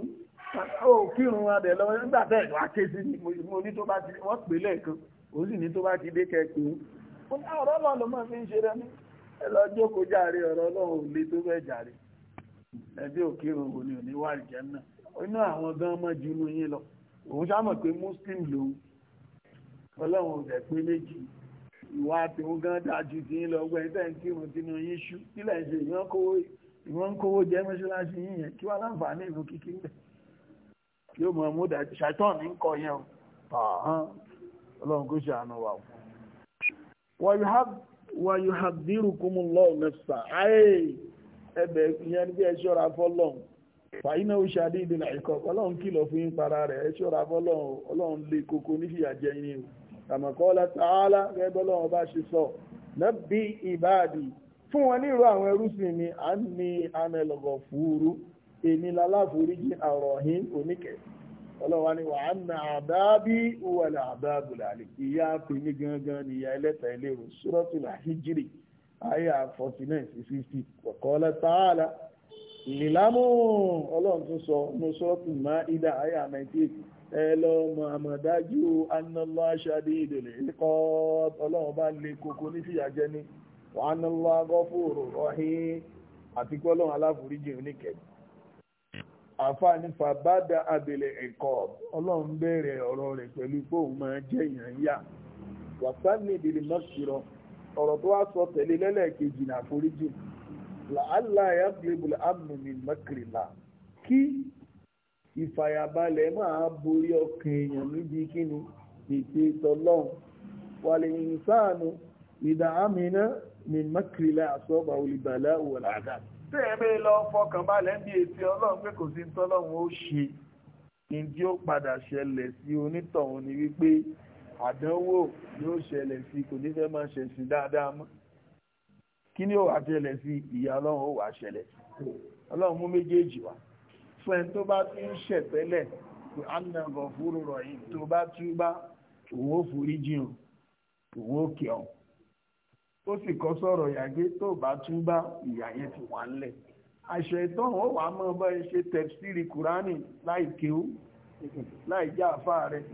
ó kírun adẹ lọ nígbà tẹ ẹwà ké ni mo ní tó bá ti wọ́n pè lẹ́ẹ̀kan ó sì ní tó bá ti dé kẹ́kẹ́ o ó ní ah, ọ̀rọ̀ náà ló máa fi ń ṣe rẹ ní ẹ lọ jókòó jàre ọ̀rọ̀ náà ò le tó fẹ́ jàre ẹbí òkírun òní òní wà ìjẹ́ náà inú àwọn gan mọ́ ju inú yín lọ òun ṣá mọ̀ pé muslim lòun ọlọ́run ọ̀dẹ̀ pé méjì ìwà tí ó gán dájú tí ń lọ ọgbẹ́ ìtẹ́ ń kí wọn tínú yín ṣú nílẹ̀ ṣe ìwọ́n kówó jẹ́ mọ́ṣáláṣí yín yẹn kí wá láǹfààní ìlú kíkí ń bẹ̀ kí ó mọ̀ mú dájú ṣàtọ̀ ní kọ yẹn o tààhán ọlọ́run kó ṣe àánú wa fún wa yuhadhirukumullahu nafsa ayé ẹbẹ̀ ìyẹn ní ẹ ṣọ́ra fọ́lọ́run fàyínà òṣàdé ìdènà ìkọ̀ ọlọ́run kìlọ̀ fún yín para rẹ̀ ẹ ṣọ́ra fọ́lọ́run ọlọ́run lè kókó nífìyà jẹ o kama qala ta'ala gẹ́gẹ́ lọ́wọ́ bá ṣe sọ nabbi ibadi fún wọn ní ìró àwọn ẹrúsìn mi a ní anal ghafuru èmi láláforíjì àròhìn oníkẹ́ ọlọ́wà ni wà á na àdábí wàlẹ̀ àdábùlàlì ìyá pèmí gangan ni ìyá ẹlẹ́ta ilé rò suratul hijri àyà 49 sí 50 wa ìlàmù ọlọ́run tún sọ ní sọ́ọ̀tù Máídà àyà 98 ẹ lọ mọ̀ àmọ̀dájú annallahu shadidul iqab ọlọ́run bá lè kókó ní fìyàjẹ́ ní wa annallahu ghafurur àti pé aláforíjì oníkẹ̀ẹ́ fàbádà ẹ̀kọ́ ọlọ́run bẹ̀rẹ̀ ọ̀rọ̀ rẹ̀ pẹ̀lú jẹ́ làálà yàgbébù àmùmí mẹ́kìrìlá kí ìfàyàbalẹ̀ máa borí ọkàn èèyàn níbi kíni ètè tọlọ́hún wàlẹ̀ ìsáànù ìdá àmìnà ní mẹ́kìrìlá àsọ́bà olùbàlá wọ̀làdà. tí èmi lọ fọkàn balẹ̀ ń bí etí ọlọ́run pé kò sí ní tọ́lọ́run ó ṣe ní tí ó padà ṣẹlẹ̀ sí onítọ̀hún ni wípé àdánwò yóò kí ni ó wà ṣẹlẹ̀ sí ìyà ọlọ́run ó wà ṣẹlẹ̀ sí ọlọ́run mú méjèèjì wá fún ẹni tó bá ti ń ṣẹ̀ tẹ́lẹ̀ pé anàgọ̀ fúru rọ̀ yìí tó bá túbá òun ó forí jìn òun ó kẹ́ ọ ó sì kọ́ sọ̀rọ̀ ìyàgbé tó bá túbá ìyà yẹn ti wà ńlẹ̀ àṣẹ ìtàn ó wà mọ́ bá ẹ ṣe tẹ̀síìrì kùránì láì kéwú láì já àfáà rẹ̀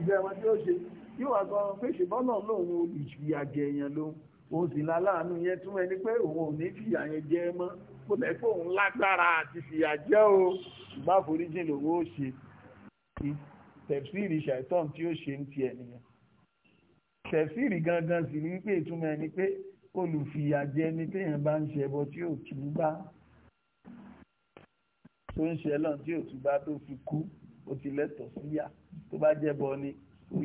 ìjẹ́ wọn tí ó ṣe yóò gan fèsì bọ́lọ̀ lóun olùjìyàjẹ èèyàn lóhun òun sì láláàánú yẹn túmọ̀ ẹni pé òun ò ní fìyà yẹn jẹ mọ́ kò lẹ́kọ̀ọ́ òun lágbára àti fìyà jẹ o ìgbà foríjìn lòun ó ṣe tẹ̀fsìrì ṣàìtàn tí ó ṣe ń tiẹ̀ nìyẹn tẹ̀fsìrì gangan sì ní pé ìtumọ̀ ẹni pé olùfìyàjẹ ni téèyàn bá ń ṣẹbọ tí ò túbá tó ń ṣe lọ́n tí ò túbá tó fi kú ó ti lẹ́tọ̀ọ́ síyà tó bá jẹ́bọ ni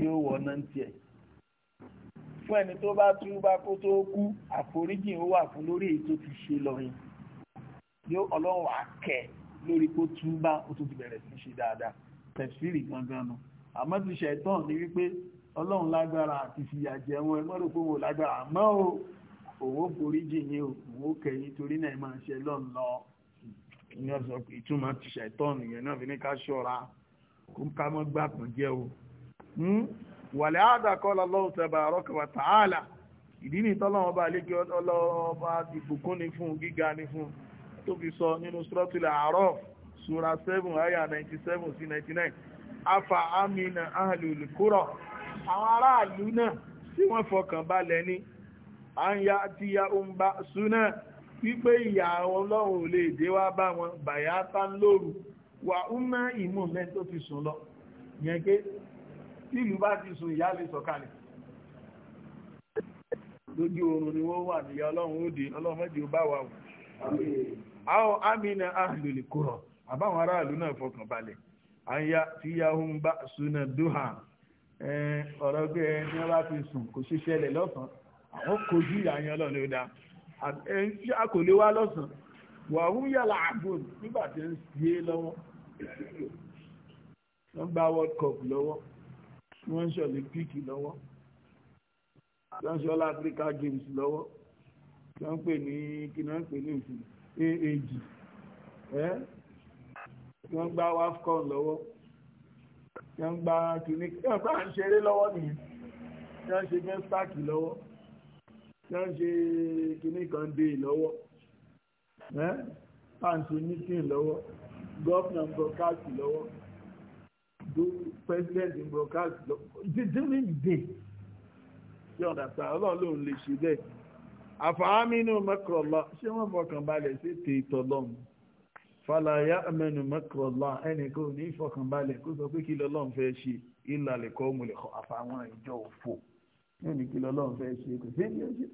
yóò wọ náà tiẹ̀ fún ẹni tó bá túbá kó tó kú àforíjìn ó wà fún lórí èyí tó ti ṣe lọ yẹn yóò ọlọ́run àkẹ́ lórí kó túbá ó tó ti bẹ̀rẹ̀ sí ṣe dáadáa tẹ̀síìrì gangan nù àmọ́ ti ṣẹ̀tàn ní wípé ọlọ́run lágbára àti fìyà jẹ wọn ẹ mọ́rò pé wọn lágbára àmọ́ o òun ó foríjìn o òun kẹyìn torí náà máa ṣe lọ́n lọ ìtumọ̀ ti ṣẹ̀tàn nìyẹn náà fi ní ká ṣọ́ra kó ká mọ́ gbàkànjẹ́ o. Hmm? wàlẹ̀ àdàkọ́lá lọ́wọ́ tẹ̀bà àrọ́kọ̀wà tààlà ìdí ní tọ́lọ́wọ́ bá lé kí ọlọ́ọ̀bá ìbùkún ni fún gíga ní fún tó fi sọ nínú sọ́tìlẹ̀ àárọ̀ sura 7 aya 97 sí 99 afa amina ahlul àwọn aráàlú náà tí wọ́n fọkàn balẹ̀ ní àyà tí ya ń bá súnà wípé ìyà ọlọ́run lè tí ìlú bá ti sùn ìyá lè sọ̀kalẹ̀ lójú oorun ni wọ́n wà níyà ọlọ́run ó dé ọlọ́run ó bá wà wù àwọn amina ahlul qura àbáwọn aráàlú náà fọkàn balẹ̀ àyà tí yahoo ń bá suna duha ọ̀rọ̀ pé ẹni wọ́n bá ti sùn kò ṣiṣẹ́ lẹ̀ lọ́sàn àwọn kojú ìyàyàn ọlọ́run ó dá a kò lè wá lọ́sàn wà ń yàrá àbò nígbà tí ń ṣe lọ́wọ́ wọ́n gba world cup lọ́wọ́ tí wọ́n ń ṣe olympique lọ́wọ́ tí wọ́n ń ṣe all Africa Games lọ́wọ́ tí wọ́n ń pè ní kí wọ́n ń pè ní ìsìn aag ẹ́ tí wọ́n ń gbá WAFCON lọ́wọ́ tí wọ́n ń gbá kìíní tí wọ́n bá ń ṣeré lọ́wọ́ nìyẹn tí wọ́n ń ṣe mestac lọ́wọ́ tí wọ́n ń ṣe kìíní kan dé lọ́wọ́ ẹ́ pàǹtí meeting lọ́wọ́ gọ́ọ̀nà broadcast lọ́wọ́ do president in broadcast during the day you understand ọlọ́run lòun lè ṣe bẹ́ẹ̀ àfàámínú mẹ́kọ̀ọ́lá ṣé wọ́n fọkàn balẹ̀ sí ti ìtọ́lọ́mù fàlàyà mẹ́nu mẹ́kọ̀ọ́lá ẹnì kò ní fọkàn balẹ̀ kó sọ pé kí lọ́lọ́run fẹ́ ṣe ìlàlẹ̀ kọ́ mọ̀lẹ̀ àfàwọn ìjọ òfò yóò ní kí lọ́lọ́run fẹ́ ṣe kò sí ní ọjọ́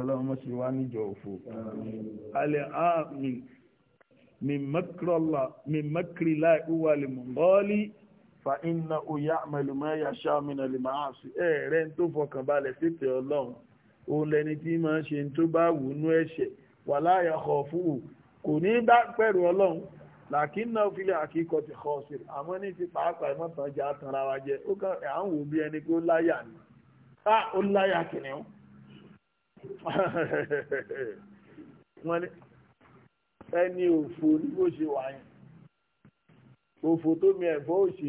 ọlọ́run mọ̀ ṣe wá níjọ òfò alẹ́ àmín min makri láì wà lè mọ̀ bọ́ọ̀lì fa iná oyá àmàlùmọ́ ẹ̀yà ṣáàmìnà lè máa sí ẹ̀ẹ́rẹ́ tó fọkàn balẹ̀ síte ọlọ́run òun lẹni tí máa ṣe tó bá wù nú ẹ̀ṣẹ̀ wà láyà kọ̀ fún ò kò ní bá pẹ̀rù ọlọ́run làkín náà fi lè àkíkọ̀ ti kọ́ sí àwọn ní ti pàápàá mọ́tàn jẹ́ àtàrà wa jẹ́ ó kàn à wò bí ẹni pé ó láyà ni á ó láyà kìnìún (laughs) ẹni òfò ní bó ṣe wà yẹn òfò tó mi ẹ̀fọ́ ò ko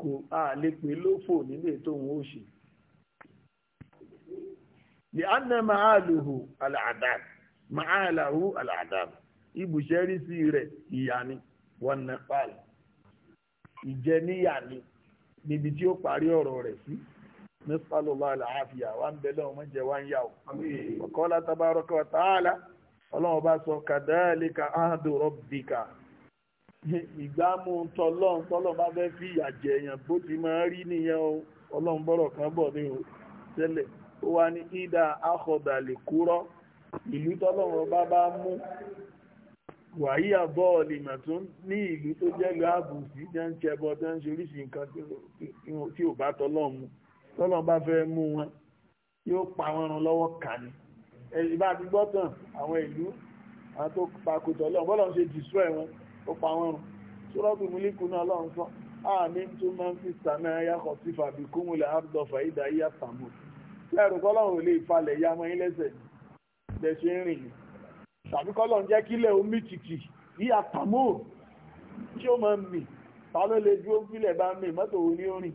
kò á lè pè lófò nílé tóun ó N'i lè á nà máa lòhò alahu máa làhù àlàdà ibùsẹ́rí sí rẹ̀ ìyá ni wọ́n nà pààlà ìjẹníyà ni níbi tí ó parí ọ̀rọ̀ rẹ̀ sí nípa lọ́wọ́ àlàáfíà wa ń bẹ lọ́wọ́ mọ́jẹ wa ń yà ó. tààlà. ọlọ́run bá sọ kàdáàlíkà áhàdùrọ̀ bìkà ìgbámú tọlọ́run tọlọ́run bá fẹ́ fi ìyàjẹ̀ èèyàn bó ti máa rí nìyẹn o ọlọ́run bọ́rọ̀ kan bọ̀ ní o tẹ́lẹ̀ ó wá ní ìdá àkọ́dàlè kúrọ́ ìlú tọlọ́run bá bá mú wàyí àbọ̀ ọ̀lìmọ̀ tó ní ìlú tó jẹ́ lọ àbùsí jẹ́ ń ṣẹbọ tó ń ṣe oríṣi nǹkan tí ò bá tọlọ́run mu tọlọ́run bá fẹ́ mú wọn yóò pa wọn lọ́wọ́ kàní ìbá ti gbọ́tàn àwọn ìlú àwọn tó pakòtò ọlọ́run bọ́lọ́run ṣe jìsú ẹ̀ wọn ó pa wọn rùn sọ́rọ́bù múlíkù náà ọlọ́run sọ àmì tó máa ń fi sàmì ayákọ̀ sí fàbí kúmùlẹ̀ abdọ́fà ìdá ìyá sàmù lẹ́rù kọ́lọ́run ò lè falẹ̀ ya mọ́ ilẹ́sẹ̀ bẹ̀ṣẹ̀ ń rìn tàbí kọ́lọ́run jẹ́ kílẹ̀ omi tìtì ìyá sàmù tí ó máa ń mì ta ló lè dúró fílẹ̀ bá mì mọ́tò oní orin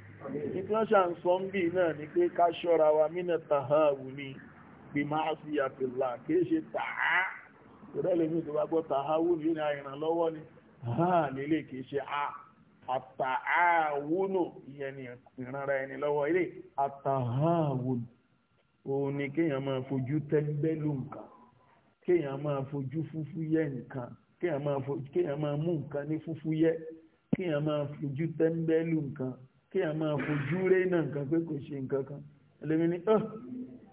ìtúnṣà ń sọ ń bí náà ni pé ká ṣọ́ra wa mínà tàhàwù ni bí máa sí àtìlà kìí ṣe tàá ìrẹ́ lèmi tó bá gbọ́ tàhàwù ní àìràn lọ́wọ́ ni hàn nílé kìí ṣe àtàáwùnù ìyẹn ni ìrànra lọ́wọ́ ilé àtàáwùnù kí ẹ máa fojú rí náà nǹkan pé kò ṣe nǹkan kan ẹlẹ́mi ni ọ́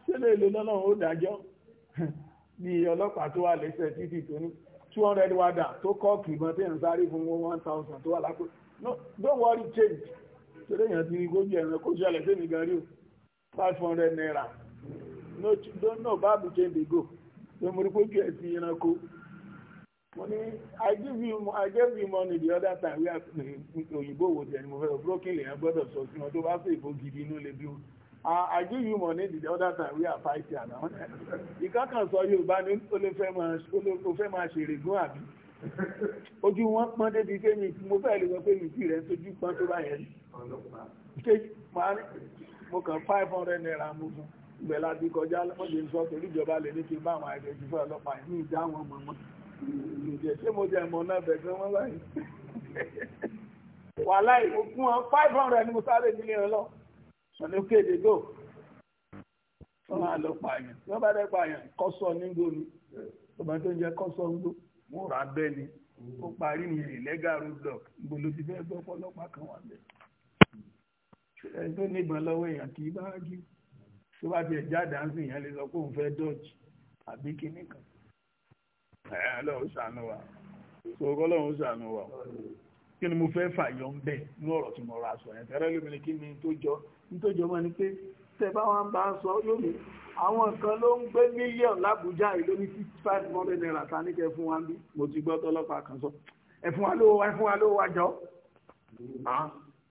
sílẹ̀ èlò lọ́lọ́run ó dájọ́ ní (laughs) ọlọ́pàá tó wà lẹ́sẹ̀ títì tó ní 200 wada tó kọ́ọ̀kì ìbọn tí ń sáré fún 1000 tó wà lápò no don't worry change torí èèyàn ti rí gómìnà ẹ̀rọ kó ṣẹlẹ̀ sí mi gan rí o 500 naira no don't no báàbù change dey go ló mú rí pójú ẹ̀ sí ẹranko ní i give you i give you money the other time wíwá hmm, òyìnbó wo jẹ ni mo fẹ́ broken lè yẹn gbọ́dọ̀ sọ sí wọn tó bá fẹ́ ìbò gidi inú lè bí o ah, i give you money the other time wíwá fight àná ìkákan sọ Yorùbá ni ó fẹ́ máa ṣèrègùn àbí ojú wọn pọ́n débi pé mi mo fẹ́ lè wọ pé mi ti rẹ̀ sójú pọ́n tó bá yẹn mo kàn five hundred naira mo fún ìgbẹ̀lá bí kọjá lọ́mọdé sọ torí ìjọba lè ní kí n bá àwọn àjẹjì fún ọlọ́pàá ní ìjà wọn mọ̀mọ́ jùjẹ̀ ṣé mo jẹ ìmọ̀ náà bẹ̀gbẹ́ wọn wà láì mo fún five hundred ni mo sáré nílé lọ kéde go máa lọ pààyàn tí wọn bá pààyàn kọsọ nígbò ni ọba tó ń kọsọ ńgbò mo rà ni ó parí ìlẹ́gà roadblock gbọ́ kan wà tó lọ́wọ́ èèyàn kì í bá tó bá tiẹ̀ jáde àǹsìn yẹn lè ọlọ́run ṣàánú wa ọgọ́lọ́run ṣàánú wa kí ni mo fẹ́ fàyọ ń bẹ̀ ní ọ̀rọ̀ tí mo ra sọ yẹn tẹ́rẹ́ lómi ni kí ni tó jọ tó jọ mọ́ ni pé tẹ́ bá wọn bá sọ yóò ní àwọn kan ló ń gbé mílíọ̀n lábújá ìlú ní fifty five hundred naira ta ní kẹ́ fún wa bí mo ti gbọ́ tọ́lọ́pàá kan sọ ẹ fún wa lówó wa ẹ fún wa lówó wa jọ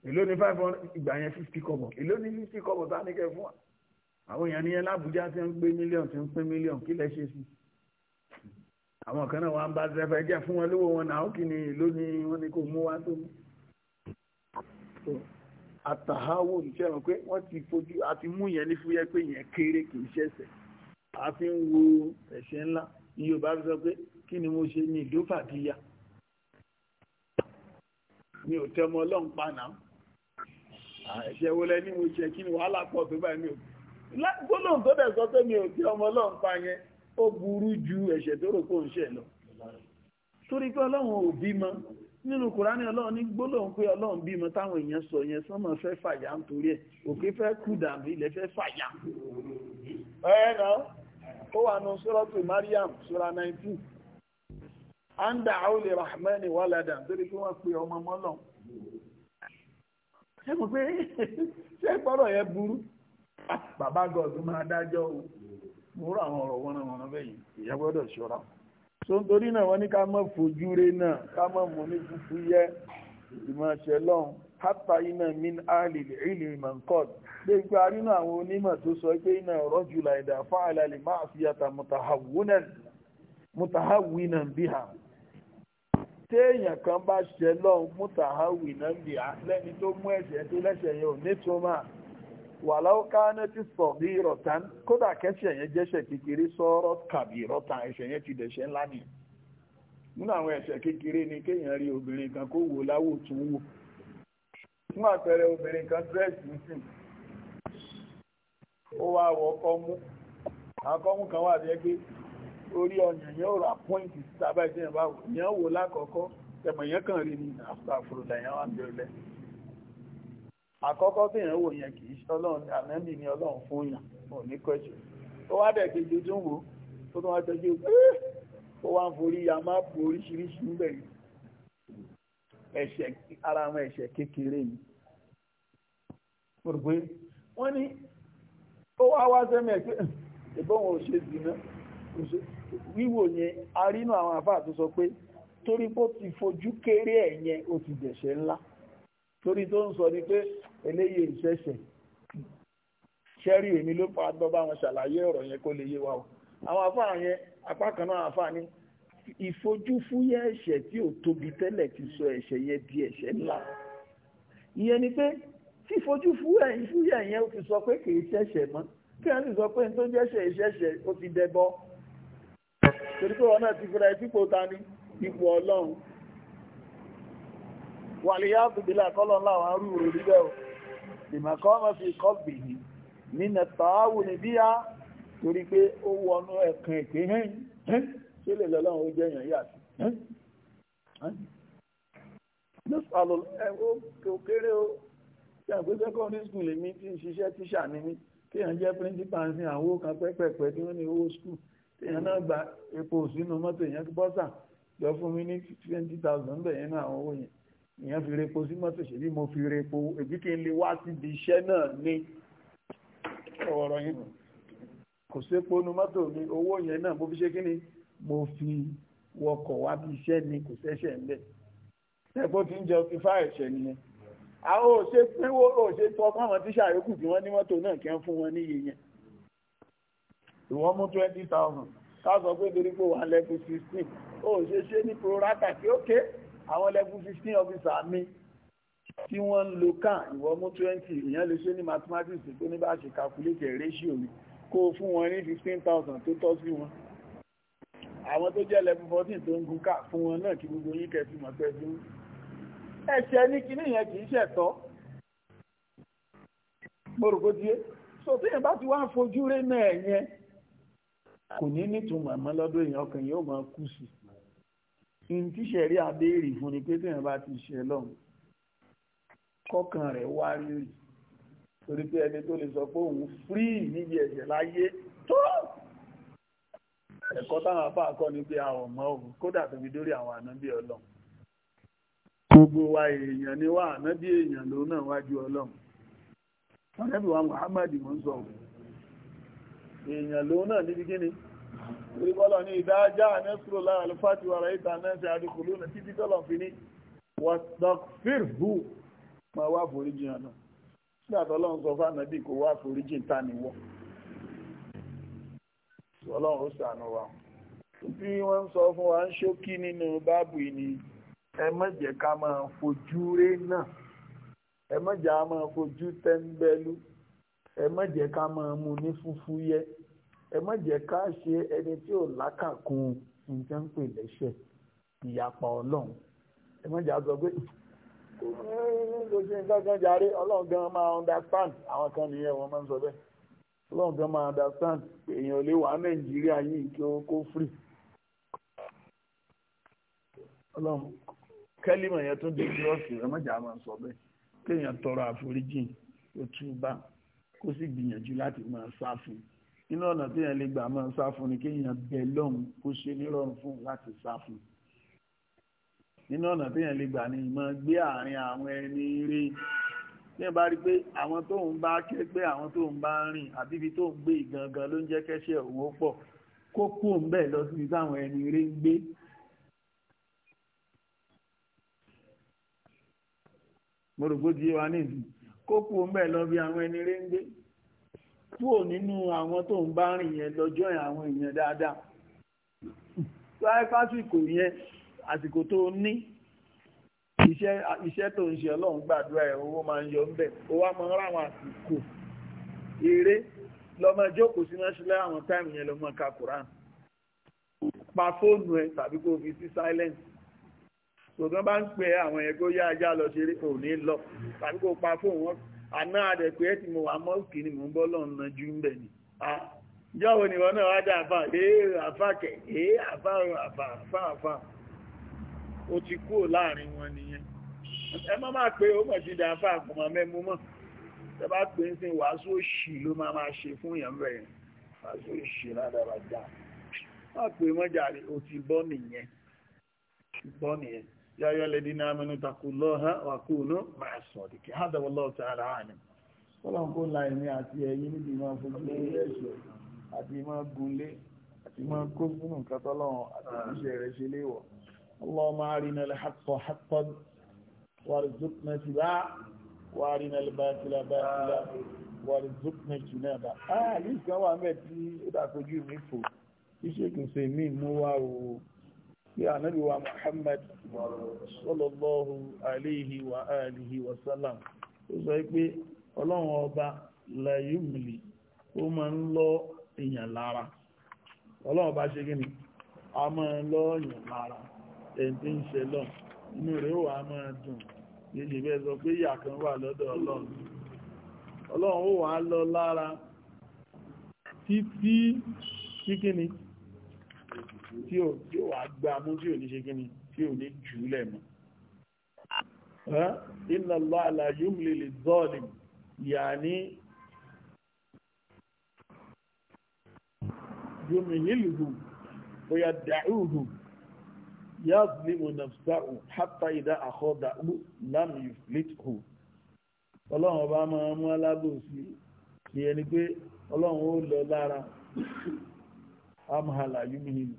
èló ní five hundred ìgbà yẹn fifty kọ́bọ̀ èló ní fifty kọ́bọ̀ ta ní kẹ́ fún wa àwọn èèyàn ní yẹn lábújá ti ń gbé mílíọ̀n ti ń pín mílíọ̀n kí lẹ ṣe sí i àwọn kan náà wọ́n bá zẹ́fẹ́ jẹ́ fún wọn lówó wọn náà ó kì ní lónìí wọ́n ní kò mú wá tó mú àtàháwò ìṣẹ́ ràn pé wọ́n ti fojú àti mú yẹn ní fúyẹ́ pé yẹn kéré kì í a fi ń wo ẹ̀ṣẹ̀ ńlá ní Yorùbá sọ pé kí ni mo ṣe ní ìdófàdíyà mi ò tẹ́ ọmọ ọlọ́run pa náà ẹ̀ṣẹ̀ wo lẹ́ni mo ṣe kí ni wàhálà pọ̀ tó báyìí mi ò gbólóhùn tó dẹ̀ sọ pé mi ò tẹ́ ọmọ ọlọ́run pa yẹn ó burú ju ẹ̀ṣẹ̀ tó rò pé ń ṣẹ̀ lọ torí pé ọlọ́run ò bímọ nínú kùránì ọlọ́run ní gbólóhùn pé ọlọ́run bímọ táwọn èèyàn sọ yẹn sánmọ̀ fẹ́ fàyà nítorí ẹ̀ òkè fẹ́ kú dàbí ilẹ̀ fẹ́ fàyà ẹ̀ẹ́nà ó wà ní sọ́rọ́tù Mariam sura 19 anda aule rahmani walada torí pé wọ́n pe ọmọ mọ́lọ̀ ṣe mọ̀ pé (laughs) ṣe gbọ́rọ̀ yẹn burú ah, bàbá gọ̀ọ̀dù máa dájọ́ o múrò àwọn ọ̀rọ̀ wọ́nàwọ́nà bẹ́yìn ìyẹ́ ṣọ́ra so nítorí náà wọ́n ní ká má fojú rẹ̀ náà ká má mú ní fúfú yẹ́ ìmọ̀ṣẹ́ lọ́n hátà iná min áàlì ìlú ìmọ̀ǹkọ́d pé ipa rínú àwọn onímọ̀ tó sọ pé iná ọ̀rọ̀ jùlọ ìdá fún àlàlì máa fi yàtà bí ha téèyàn kan bá ṣẹ lọ́n mùtàháwìnà bí ha lẹ́ni tó mú ẹ̀ṣẹ̀ tó yẹn ò wàláwọ́ká náà ti sọ bí rọ̀tán kódà kẹ́ṣẹ̀ yẹn jẹ́ṣẹ̀ kékeré sọ́rọ̀ tàbí rọ̀tán ẹ̀ṣẹ̀ yẹn ti dẹ̀ṣẹ̀ ńlá ni nínú àwọn ẹ̀ṣẹ̀ kékeré ni kéèyàn rí obìnrin kan kó wò láwò tún wò fún àpẹẹrẹ obìnrin kan dírẹ́sì sìn ó wá wọ kọ́mú àkọ́mú kan wà jẹ́ pé orí ọyàn yẹn ò rà pọ́ìntì síta báyìí yẹn wò lákọ̀ọ́kọ́ tẹ̀mọ̀ yẹn kàn rí ni àfúrà fúrò lẹ́yìn àkọ́kọ́ tí èèyàn wò yẹn kìí ṣe ọlọ́run ànábì ni ọlọ́run fún yàn ò ní kọ́ṣù ó wá dẹ̀ kejì tó ń wò ó tó wá tọ́jú ó wá ń forí ya máa bu oríṣiríṣi ń bẹ̀rẹ̀ ẹ̀ṣẹ̀ ara àwọn ẹ̀ṣẹ̀ kékeré ni mo rò pé wọ́n ní ó wá wá sẹ́mẹ̀ pé ìbọn ò ṣe dìná wíwò yẹn a rínú àwọn àfáà tó sọ pé torí bó ti fojú kéré ẹ̀ yẹn ó ti dẹ̀ṣẹ̀ torí tó ń sọ ni pé eléyìí ìṣẹ̀ṣẹ̀ ṣẹ́rí èmi ló fà gbọ́ bá wọn ṣàlàyé ọ̀rọ̀ yẹn kó lè yé wa o àwọn àfáà yẹn apá kan náà àfáà ní ìfojúfúyẹ́ ẹ̀ṣẹ̀ tí ò tóbi tẹ́lẹ̀ ti sọ ẹ̀ṣẹ̀ yẹn di ẹ̀ṣẹ̀ ńlá ìyẹn ni pé fífojúfúyẹ́ yẹn ó ti sọ pé kì í ṣẹ̀ṣẹ̀ mọ́ kí wọ́n sì sọ pé tó jẹ́ṣẹ̀ ìṣẹ̀ṣẹ̀ ó ti dẹbọ torí pé wọn náà ti fura ìdípò ta ní ipò ọlọ́run wàlíyá àbùdílà kọ́lọ́ ńlá àwọn arúgbó rí bẹ́ẹ̀ o lèmọ̀ kọ́ ọmọ fi kọ́ bèèrè nínú tààwù ní bí a torí pé ó wọnú ẹ̀kan èké hẹ́n ṣe lè lọ́lọ́run ó jẹ́yàn yà sí lọ́sàlọ́ ẹ̀wọ́ òkèrè ó tí àgbé secondary school lè mí tí ń ṣiṣẹ́ tíṣà ní mí kí èèyàn jẹ́ principal sí ní àwọn ìyẹn fi repo sí mọ́tò ṣe bí mo fi repo èbí kí n lè wá síbi iṣẹ́ náà ní ọ̀rọ̀ yìí kò sépo nu mọ́tò mi owó yẹn náà mo fi ṣe kí ni mo fi wọkọ̀ wá bí iṣẹ́ ni kò sẹ́ṣẹ̀ ń bẹ̀ ẹ̀kọ́ tí ń jọ fi fá ẹ̀ṣẹ̀ nìyẹn àwọn òṣè pínwó òṣè tó ọkọ àwọn tíṣà yòókù tí wọ́n ní mọ́tò náà kẹ́ ń fún wọn ní iye yẹn ìwọ́n mú twenty thousand ká sọ pé torí pé wà á lẹ́kùn sixteen ó ṣe ní prorata kí ó ké. Okay àwọn level 15 officer mi tí wọ́n ń lo can ìwọ mú twenty èèyàn lè ṣe ní mathematics tó ní bá ṣe calculate ratio mi kó o fún wọn ní fifteen thousand tó tọ́ sí wọn àwọn tó jẹ́ level fourteen tó ń gun ká fún wọn náà kí gbogbo yín kẹfì mọ̀ pẹ́ fún ẹ̀ṣẹ̀ ní kinní yẹn kì í ṣẹ̀tọ́ mo rò kó tiẹ̀ so téèyàn bá ti wá fojú rẹ́ náà yẹn kò ní nítumọ̀ mọ́ lọ́dọ̀ èèyàn ọkàn yóò máa kú sí i in tí ṣẹ̀rí àbéèrè fún ni pé tẹ̀yàn bá ti ṣe lọ́hùn kọ́kàn rẹ̀ wá rírì torí pé ẹni tó lè sọ pé òun free níbi ẹ̀ṣẹ̀ láyé tó ẹ̀kọ́ táwọn afá kọ́ ni pé àwọn ọmọ òun kódà tó fi dórí àwọn ànábì ọlọ́run gbogbo wa èèyàn ni wá ànábì èèyàn ló náà wájú ọlọ́run ànábì wa Muhammad mò ń sọ èèyàn ló náà níbi kíni Oríkọ́lọ̀ ní ìdájá ànẹ́sùrò lára alifáti wà ráyítà náà ṣe àdìkùlú ní títí tọ́lọ̀ fi ní wàtàkfírhù ma wá foríjìn àná. Sígbàtọ̀ ọlọ́run sọ fáànà bí kò wá foríjìn ta ni wọ́n. Ọlọ́run ó ṣàánú wa. Bí wọ́n ń sọ fún wa ń ṣókí nínú báàbù ni ẹ má jẹ́ ká máa fojú ré náà. Ẹ má jẹ́ ká máa fojú tẹ́ńbẹ́lú. Ẹ má jẹ́ ká mú ní fúfú yẹ́ ẹ má jẹ́ ká ṣe ẹni tí ò lákàkún nǹkan pè lẹ́ṣẹ̀ ìyapa ọlọ́run ẹ má jẹ́ àgọ́ pé kò sí jàre ọlọ́run gan máa understand àwọn kan nìyẹn wọ́n máa ń sọ bẹ́ẹ̀ ọlọ́run gan máa understand èèyàn lè wà nàìjíríà yìí kí ó kó free ọlọ́run kẹ́límọ̀ yẹn tún dé kílọ́ọ̀sì ẹ má jẹ́ àmọ́ sọ bẹ́ẹ̀ kéèyàn tọrọ àforíjì ó túbà kó sì gbìyànjú láti máa sá fún un nínú ọ̀nà tí yẹn lè gbà máa ń sá fún ni kéèyàn bẹ lọ́hùn kó ṣe nírọ̀rùn fún láti sá fún nínú ọ̀nà tí yẹn lè gbà ni ìmọ̀ gbé àárín àwọn ẹni rí tí yẹn bá rí pé àwọn tó ń bá kẹ́gbẹ́ àwọn tó ń bá rìn àbí ibi tó ń gbé ìgangan ló ń jẹ́ kẹ́ṣẹ́ òun ó pọ̀ kó kó ń bẹ̀ lọ síbi táwọn ẹni rí ń gbé mo rò gbójú wa nídìí kó kó ń bẹ̀ lọ bí àwọn ẹni rí ń gbé kúrò nínú àwọn tó ń bá rìn yẹn lọ́jọ́ yẹn àwọn èèyàn dáadáa tó ayé fásitì yẹn àsìkò tó ní iṣẹ́ tó ń ṣe ọlọ́run gbàdúrà ẹ̀ owó máa ń yọ ń bẹ̀ ó wá máa ń ráwọn àsìkò eré lọ́mọ jókòó sí mọ́ṣílẹ̀ àwọn táìmù yẹn lọ́mọ ka Quran pa fóònù ẹ tàbí kó fi sí silence ṣùgbọ́n bá ń pè àwọn yẹn kó yá ajá lọ ṣeré òní lọ tàbí kó pa fóònù wọn anaa rẹ̀ ẹ́ ti mọ̀ wà ni mò ń bọ́ lọ́n na jú ń bẹ̀ ni jọ́wọ́ ni wọ́n náà wájá àfà àfà àfà àfà àfà àfà ti kúrò láàrin wọn nìyẹn ẹ má máa pé ó mọ̀ ti dà àfà àkùnmọ̀ mẹ́mú mọ́ ẹ bá pè ń sin wàásù òṣì ló máa máa ṣe fún bẹ̀rẹ̀ wàásù òṣì pè mọ́jà ti bọ́ nìyẹn ti bọ́ nìyẹn يا أيها الذين آمنوا اتقوا الله وكونوا مع الصادقين هذا والله تعالى عالم ọlọ́run kó la ẹ̀mí àti ẹ̀yìn níbi máa fojú lórí ẹ̀ṣẹ̀ àti máa gúnlé àti máa kó sínú nǹkan tọ́lọ́run àti ìṣẹ́ rẹ̀ ṣe léwọ̀ اللهم أرنا الحق حقا وارزقنا اتباعه وأرنا الباطل باطلا وارزقنا اجتنابه àà ní ìgbà wà mẹ́ tí ó dàkojú mi fò iṣẹ́ kìí ṣe mí mú wá o pé ànábì wa Muhammad sallallahu alaihi wa alihi wa sallam ó ekpe ọba layumli ó máa ń lọ lára ọlọ́run ọba ṣe gíní a máa ń lọ èèyàn lára ụwa ń ṣe lọ inú rẹ̀ wà á máa dùn bẹ́ẹ̀ sọ pé kan wà lọ́dọ̀ ọlọ́run tí ò tí ò wà gbá mú tí ò ní ṣe gíní tí ò ní jù lẹ̀ mọ́ inna Allaha la yumli liz-zalim yàní yumhilhu bóyá da'uhu yazlimu nafsahu hatta idha akhadahu lam yuflithu ọlọ́run ọba máa mú alábòsí ìyẹn ni pé ọlọ́run ó lọ lára amhala yumhilhu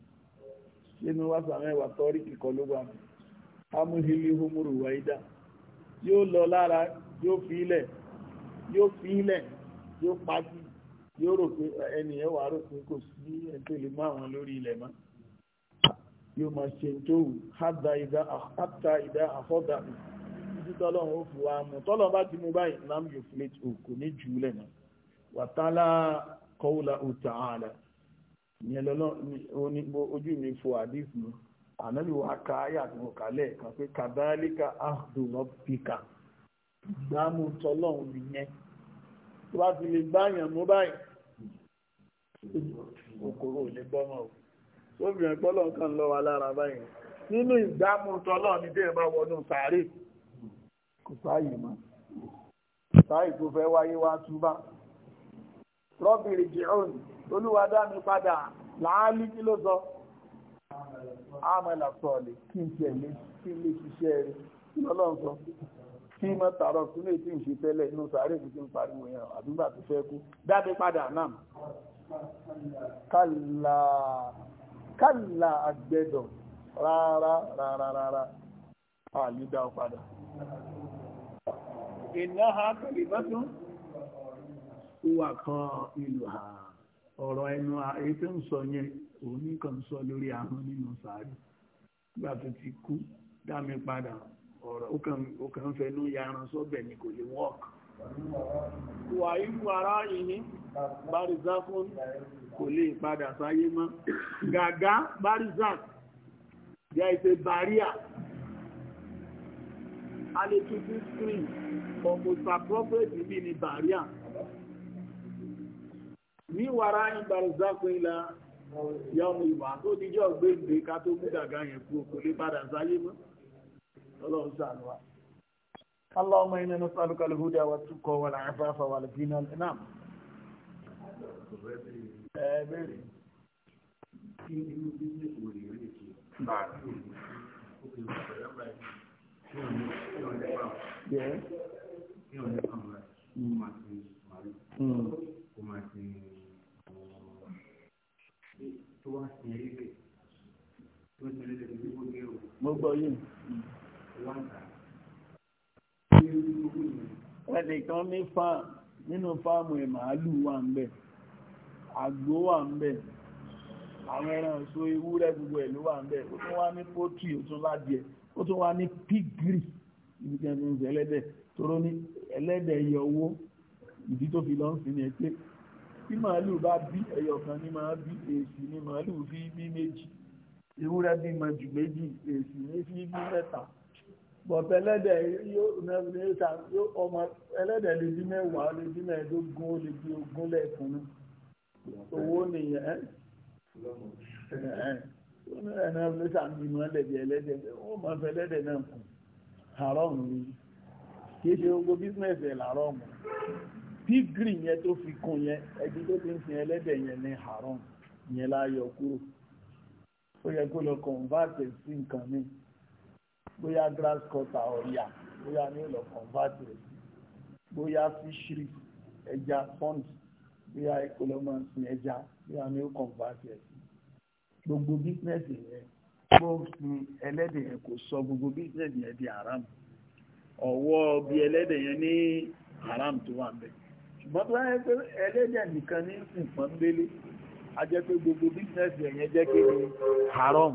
nínú wáṣà mẹ́wàá tọ́rí kíkọ ló wà amúhìlì humuru waida. yóò lọ lára yóò fi ilẹ̀ yóò fi ilẹ̀ yóò pàtì yóò rò pé ẹni ẹ wà rò pé kò sí ẹni tó lè mú àwọn lórí ilẹ̀ mọ́ yóò máa ṣe tó wù hátà ìdá àfọ́dà títí tọ́lọ́run ó fi wá mú tọ́lọ́run bá ti mú báyìí nam yóò fi lè tù kò ní jù ú lẹ̀ náà wàtálá kọ́wùlà òtà ààlà ìyẹn lọ́nà ojú mi fo àdìs mi ànábì wa ka ayé àti mo kà lẹ́ẹ̀kan pé kàdálíkà àdùnmọ́ pìkà gbámú tọlọ́hún nìyẹn tó bá ti lè gbáyàn mú báyìí kòkòrò ò lè gbọ́mọ̀ o obìnrin pọ́lọ̀ kan lọ wa lára báyìí nínú ìgbámú tọlọ́ ní dé bá wọnú sàárè kò sáàyè mọ́ sáàyè tó fẹ́ wáyé wá túbá rọ́bìrì jìrún olúwa dá mi padà láàálí kí ló sọ àmàlà sọ̀ọ̀lẹ̀ kí n tẹ̀lé kí n lè ṣiṣẹ́ rẹ̀ kí lọ́lọ́run sọ kí mọ́ tààrọ̀ tún lè tí ń ṣe tẹ́lẹ̀ inú sàárè kú tí ń pariwo yẹn àdúgbà tó fẹ́ kú dábẹ́ padà náà kàlà àgbẹ̀dọ̀ rárá rárá rárá àlídà padà ìnáhà kàlìbátún wà kan ìlú ha ọ̀rọ̀ ẹnu èyí tó ń sọ yẹn òun nìkan ń sọ lórí ahọ́n nínú sàárì nígbà tó ti kú dá mi padà ọ̀rọ̀ ó kàn ń fẹnu yaran sọ́bẹ̀ ni kò lè wọ́ọ̀k wà inú ara ìní barizakun kò lè padà sáyé mọ́ gàgá barizak jẹ́ ìpè bàríà a lè tuntun screen for most appropriate ibi ni bàríà ní wàrá ìgbàlùzákò ilá yọmù ìwà tó díjọ́ gbéǹde ká tó mú gàgá yẹn kú kò lè padà sáyé mọ́ ọlọ́run ṣàánú wa. اللهم إنا نسألك الهدى والتقى والعفاف والغنى نعم Yeah. Mm. Mm. tó wá sí eréke tó ń tẹ̀lé tẹ̀lé ní gbogbo ẹ̀rọ. mo gbọ́ yìí. wọ́n ta. ẹnìkan ní fáà nínú fáàmù ẹ̀ màálù wà ń bẹ̀ àgbò wà ń bẹ̀ àwọn ẹran ọ̀ṣọ́ ewúrẹ́ gbogbo ẹ̀ wà ń bẹ̀ ó tún wá ní poultry ó tún ó tún wá ní pigri ibi tí wọ́n ti ń ṣe ẹlẹ́dẹ̀ tóró ní ẹlẹ́dẹ̀ yọ owó ìdí tó fi lọ ń pé tí màálù bá bí ẹyọkan ní máa bí èsì ní màálù fi bí méjì ewúrẹ́ bí mọ̀jù méjì èsì ní fi bí mẹ́ta bọ̀tẹ̀ ẹlẹ́dẹ̀ yóò ọmọ ẹlẹ́dẹ̀ lè bí mẹ́wàá lè bí mẹ́ẹ̀ẹ́dógún ó lè bí ogún lẹ́ẹ̀kan náà owó nìyẹn ẹ̀nà ẹ̀lẹ́sà ń bímọ lẹ́bí ẹlẹ́dẹ̀ ó máa fẹ́ lẹ́dẹ̀ náà kù àrọ́ọ̀mù ni kìí ṣe gbogbo bísínẹ̀sì ẹ̀ làrọ́ọ̀mù dígírì yẹn tó fi kún yẹn ẹbí tó fi ń sin ẹlẹ́dẹ̀ yẹn ní haram yẹn láyọ kúrò ó yẹ kó lọ kọ̀ǹvàtì sí nǹkan mi bóyá grass cutter ọ̀yà bóyá ní ó lọ kọ̀ǹvàtì rẹ̀ bóyá fishery ẹja pond bóyá kó lọ máa sin ẹja bóyá ní ó kọ̀ǹvàtì rẹ̀ gbogbo bísínẹ́sì yẹn mo fi ẹlẹ́dẹ̀ yẹn kò sọ gbogbo bísínẹ́sì yẹn di haram ọwọ́ bí ẹlẹ́dẹ̀ yẹn ní haram tó wà bẹ́ẹ̀ ṣùgbọ́n tó wáyé pé ẹlẹ́dẹ̀ nìkan ní sùn pọ́n délé a jẹ́ pé gbogbo bísínẹ́sì ẹ̀yẹn jẹ́ kí ni haram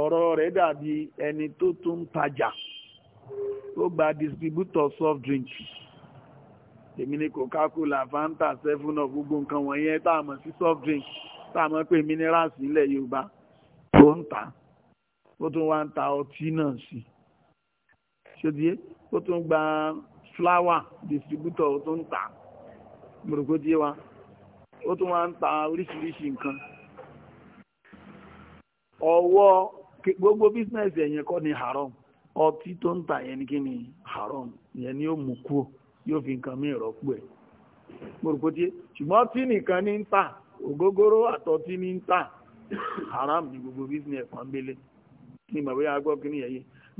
ọ̀rọ̀ rẹ̀ dàbí ẹni tó tún ń tajà ó gba distributor soft drink èmi ni coca-cola fanta seven of gbogbo nǹkan wọ̀nyẹn tá a mọ̀ sí soft drink tá a mọ̀ pé minerals nílẹ̀ yorùbá tó ń ta ó tún wá ń ta ọtí náà sí ṣé díẹ̀ ó tún gba flower distributor ó tún ń ta mọ̀rọ̀kó díẹ̀ wa ó tún wá ń ta gbogbo bísínẹ́sì enyekọ kọ́ ni haram ọtí tó ń ta yẹn ni kí ni haram yẹn ni ó mú yóò fi nǹkan rọ́pò ẹ̀ haram ni gbogbo bísínẹ́sì kan gbélé bóyá agbọ́ kí ni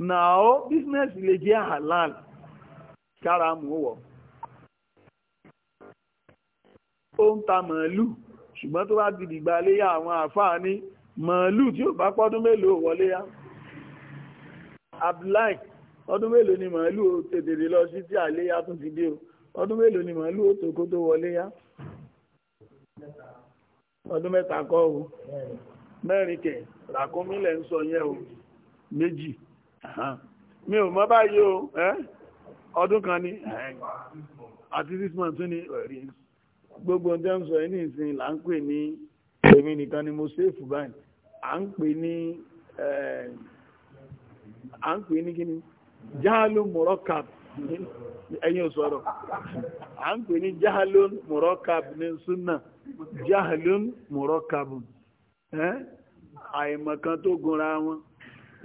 nàá ó bísínẹ́sì lè jẹ́ ó ń ta màálù ṣùgbọ́n tó bá ti dìgbà léyà àwọn àfáà ní màálù tí ò bá pọ́dún mélòó wọlé yá Abdullahi ọdún mélòó ni màálù ó tètèrè lọ sí tí àléyá tún ti dé o ọdún mélòó ni màálù ó tó kó tó wọlé yá ọdún mẹ́ta kọ́ o mẹ́rin kẹ̀ làkúnmílẹ̀ ń sọ yẹn o méjì mi ò mọ̀ báyìí o ọdún kan ni àti six months tún ni ẹ̀rí gbogbo ọjọ́ ń sọ ní ìsìn là ń pè ní èmi nìkan ni mo ṣèfù báyìí à ń pè ní eh, à ń pè ní kí ni jáàlù mọ̀rọ́kà ẹ̀yìn òṣòro à ń pè ní jáàlù mọ̀rọ́kà ní súnà jáàlù mọ̀rọ́kà eh? àìmọ̀kan tó gunra wọn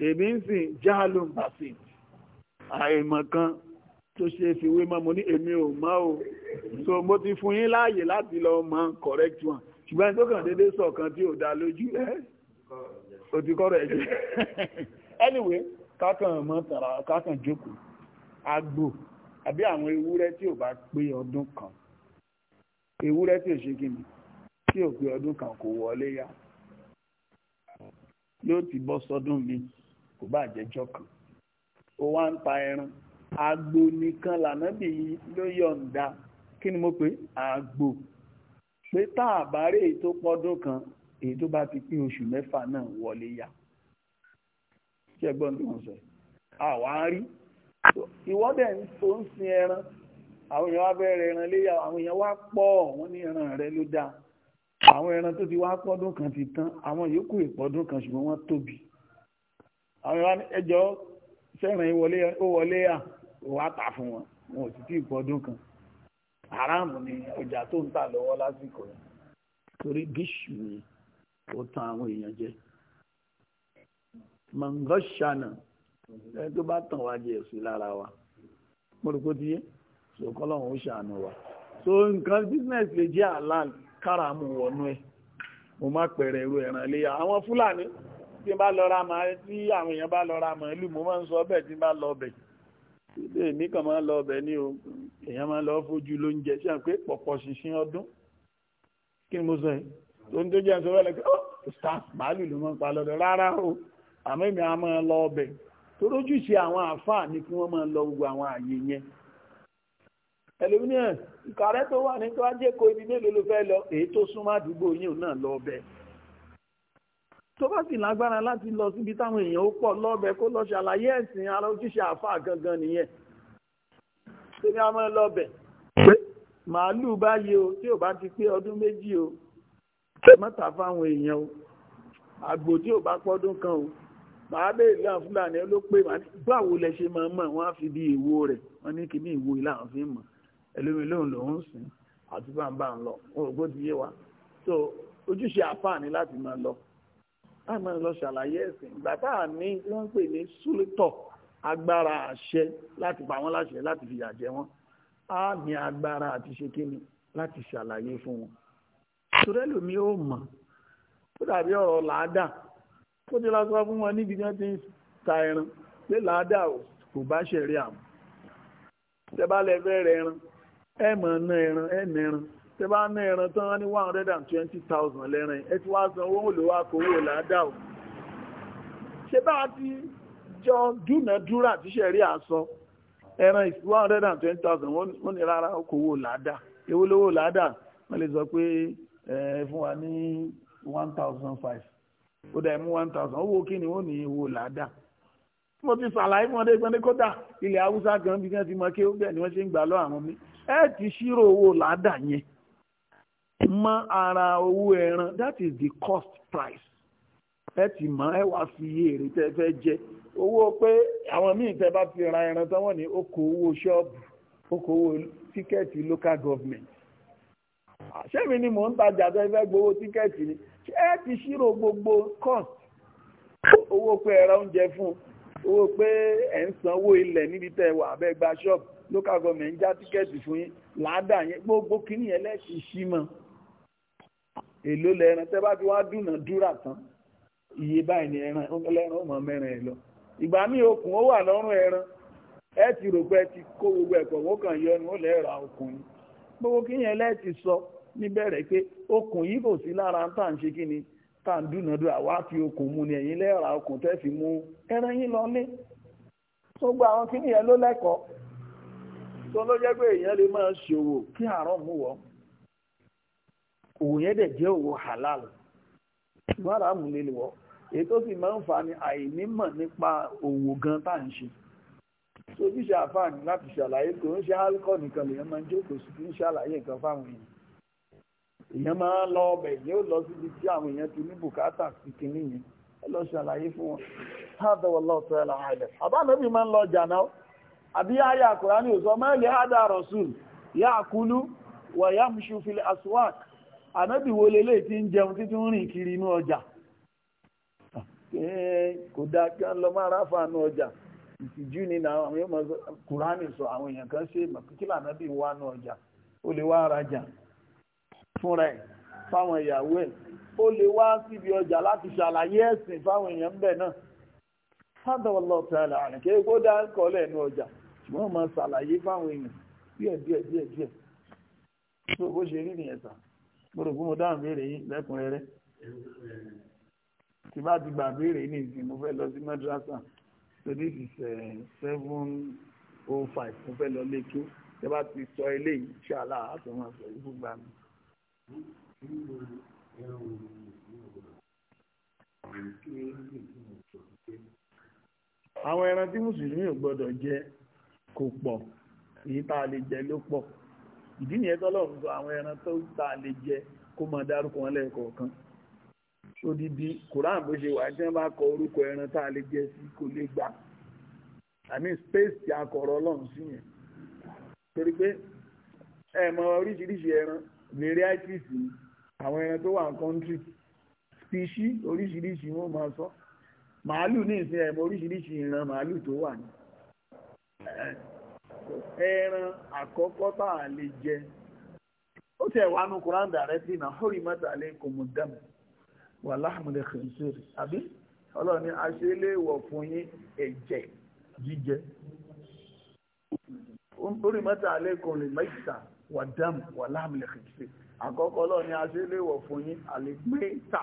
èmi ń sìn jáàlù bàṣì àìmọ̀kan tó ṣe fi wé mọ́ mo ní èmi ò mọ̀ o so mo ti fún yín láàyè láti lọ mọ correct one ṣùgbọ́n ẹni tó kàn déédéé sọ̀kan tí ò dá lójú ẹ́ ò ti kọ́rọ̀ ẹ̀ jẹ́ (laughs) anyway kákan mọ́ tàrà kákan jókòó àgbò àbí àwọn ewúrẹ́ tí ò bá pé ọdún kan ewúrẹ́ tí ò ṣe kí ni tí ò pé ọdún kan kò wọlé yá yóò ti bọ́ sọ́dún mi kò bá jẹ́jọ́ kan ó wá ń ta ẹran àgbò nìkan lànàbì ló yọ̀ǹda kí ni mo pè àgbò pé tá àbárẹ̀ èyí tó pọ́dún kan èyí tó bá ti pé oṣù mẹ́fà náà wọlé yá ṣé ẹ gbọ́n tí wọ́n sọ àwárí ìwọ́dẹ̀ ń tó ń sin ẹran àwọn èèyàn wá bẹ̀rẹ̀ ẹran léyà àwọn èèyàn wá pọ̀ wọ́n ní ẹran rẹ ló dáa àwọn ẹran tó ti wá pọ́dún kan ti tán àwọn yòókù ìpọ́dún kan ṣùgbọ́n wọ́n tóbi àwọn ẹran ẹjọ́ sẹ́ràn ìwọlé ó wọlé à wá tà fún wọn wọn ò sì tí ì pọ́dún kan haramu ni ọjà tó ń tà lọ́wọ́ lásìkò yẹn torí gíṣù ni ó tan àwọn èèyàn jẹ mọ̀ngọ́ṣánà ẹni tó bá tàn wá jẹ èsì lára wa mo rò pé tiye sòkọ́lọ́hún ó ṣàánú wa so nǹkan business lè jẹ́ halal káràmù wọnú ẹ̀ mo má pẹ̀rẹ̀ irú ẹ̀ràn ilé àwọn fúlàní tí bá lọ ra màá tí àwọn èèyàn bá lọ ra màálù mo máa ń sọ bẹ́ẹ̀ tí bá lọ bẹ́ẹ̀ èmi kàn máa lọ ọbẹ̀ ní o èèyàn máa lọ fojú lóúnjẹ sí àpé pọ̀pọ̀ ṣìnṣìn ọdún kí ni mo sọ yìí tó ń tó jẹ́ ìṣòro ma ó ló máa ń pa lọ́dọ̀ rárá o àmọ́ èmi á máa lọ ọbẹ̀ tó àwọn àáfàá ni kí wọ́n máa lọ gbogbo àwọn àyè yẹn ẹlòmíràn ìkàrẹ́ tó wà ní tó ajé ko ibi mélòó ló fẹ́ lọ èyí tó súnmọ́ àdúgbò yìí náà lọ tó bá sì lágbára láti lọ síbi táwọn èèyàn ó pọ̀ lọ́bẹ̀ kó lọ ṣàlàyé ẹ̀sìn ara ojúṣe àáfàá gangan nìyẹn tó ní a máa lọ́bẹ̀ pé màálùú báyìí o tí ò bá ti pé ọdún méjì o mọ́ta fáwọn èèyàn o àgbò tí ò bá pọ́dún kan o màá béèrè láwọn fúlàní ló pé báwo lẹ ṣe máa mọ̀ wọ́n á fi bí ìwo rẹ̀ wọ́n ní kíní ìwo ìlànà fi mọ̀ ẹlómi lóhùn lòún sìn àti bàbá ń lọ wọn ò gbó ti yé wa so ojúṣe àfààní láti máa lọ a máa lọ ṣàlàyé ẹ̀sìn ìgbà tá à ní tí wọ́n ń pè ní súlétọ̀ agbára àṣẹ láti pa wọ́n láṣẹ láti fìyà jẹ wọ́n a ní agbára àti ṣe kíni láti ṣàlàyé fún wọn. sùrẹ́lù mi ò mọ̀ ó dàbí ọ̀rọ̀ làádà kó ti lọ sọ fún wọn níbi tí wọ́n ti ń ta ẹran pé làádà kò bá ṣẹ̀rí àmọ́ tẹ́ lẹ fẹ́ rẹ ẹran ẹ mọ̀ ná ẹran ẹ nà tẹ bá ná ẹran tán wọ́n ní one hundred and twenty thousand lẹ́rìn ẹ ti wá san owó olówó akówó làádá o ṣé bá a ti jọ dúnàdúrà tí ṣe rí àsọ ẹran one hundred and twenty thousand wọ́n ní rárá okòwò làádá ewu lówó làádá wọ́n lè sọ pé fún wa ní one thousand five ó dà mú one thousand owó kí ni wọ́n ní owó làádá mo ti ṣàlàyé fún ọdẹ gbọ́ndé kódà ilẹ̀ haúsá gan bí wọ́n ti mọ kí ó bẹ̀ ni wọ́n ṣe ń gbà lọ àwọn mi ẹ ti ṣírò owó làádá yẹn mọ́ ara owó ẹran that is the cost price ẹ ti mọ̀ ẹ wá fi èrè tẹ fẹ́ jẹ owó pé àwọn míì tẹ bá fi ra ẹran tán wọ́n ní okòwò ṣọ́ọ̀bù okòwò tíkẹ́ẹ̀tì local government ṣẹ́mi ni mò ń tajà tó fẹ́ gbowó tíkẹ́ẹ̀tì ni ẹ ti ṣírò gbogbo cost owó pé ẹ ra oúnjẹ fún owó pé ẹ̀ ń sanwó ilẹ̀ níbi tẹ́ wà abẹ́ gba ṣọ́ọ̀bù local government ń já tíkẹ́ẹ̀tì fún yín làádà yẹn gbogbo kíní yẹn lẹ́sìn símọ́ èlò lẹ́ran tẹ́ bá ti wá dúnàádúrà tán iye báyìí ni ẹran lẹ́ran ó mọ mẹ́rin ẹ̀ lọ ìgbà míì okùn ó wà lọ́rùn ẹran ẹ ti rò pé ti kó gbogbo ẹ̀kọ́, kàn yọ ni ó lẹ́ra okùn ni gbogbo kí ti sọ níbẹ̀rẹ̀ pé okùn yìí kò sí lára tá à ń ṣe fi okùn mu ni ẹ̀yin okùn tẹ́ fi ẹran lọ gbogbo àwọn ló lẹ́kọ̀ọ́ tó ló jẹ́ pé èèyàn òwò dẹ̀ jẹ́ òwò halal mara ni wọ èyí tó sì máa ń fa ni àìnímọ̀ nípa òwò gan tá à ń ṣe sojúṣe àfààní láti ṣàlàyé kò ń ṣe alcohol nìkan lèyàn máa ń jókòó sí kí ń ṣàlàyé nǹkan fáwọn èèyàn èèyàn máa ń lọ lọ síbi tí àwọn èèyàn ti ní bùkátà sí yẹn ẹ lọ ṣàlàyé fún wọn máa ń lọ àbí hádà ànábì wo lélẹ̀ tí ń jẹun títí ń rìn kiri inú ọjà kò dáa kí wọ́n lọ máa ráfà inú ọjà ìtìjú ni àwọn yóò máa kùránì sọ àwọn èèyàn kan ṣe mọ̀kíkílà ànábì wà inú ọjà ó lè wá rajà fúnra ẹ̀ fáwọn ìyàwó ẹ̀ ó lè wá síbi ọjà láti ṣàlàyé ẹ̀sìn fáwọn èèyàn ń bẹ̀ náà fádọ̀ ọlọ́ọ̀tàlà àrìnkẹ́ kó dá kọ́lẹ̀ ní ọjà ṣùgbọ́n máa ṣàlàyé fáwọn èèyàn díẹ̀ díẹ̀ díẹ̀ tó bó ṣe rí nìyẹn sàn gbọ́dọ̀ kó mo dáhùn béèrè yín lẹ́kùnrẹ́rẹ́ tí bá ti gbà béèrè ní ìsìn mo fẹ́ lọ sí madrasa so this is eh, seven oh five mo fẹ́ lọ lẹ́kẹ́ tí bá ti sọ eléyìí ṣàlá àtúnmọ̀ sọ ìfún gbà mí. àwọn ẹran tí mùsùlùmí ò gbọ́dọ̀ jẹ kò pọ̀ èyí tá a lè jẹ ló pọ̀ ìdí nìyẹn tó lọ́run sọ àwọn ẹran tó ta lè jẹ kó máa dárúkọ wọn lẹ́ẹ̀kọ̀ọ̀kan odidi Quran bó ṣe wà tí wọ́n bá kọ orúkọ ẹran tá a lè jẹ sí kò lè gbà i mean space ti akọ̀rọ̀ ọlọ́run sí yẹn torí pé ẹ mọ oríṣiríṣi ẹran varieties àwọn ẹran tó wà ní country species oríṣiríṣi wọn máa sọ màálù ní ìsìn ẹ̀mọ oríṣiríṣi ìran màálù tó wà ní ẹran àkọ́kọ́ tá a lè jẹ ó tẹ̀ wá nu Quran directly na hurimat alaykumu dama. wa lahmul khinzir àbí ọlọ́run ní aṣeléwọ̀ fún yín ẹ̀jẹ̀ jíjẹ hurimat alaykumul maita wa dam wa lahmul khinzir àkọ́kọ́ ọlọ́run ní aṣeléwọ̀ fún yín àlèmẹ́ta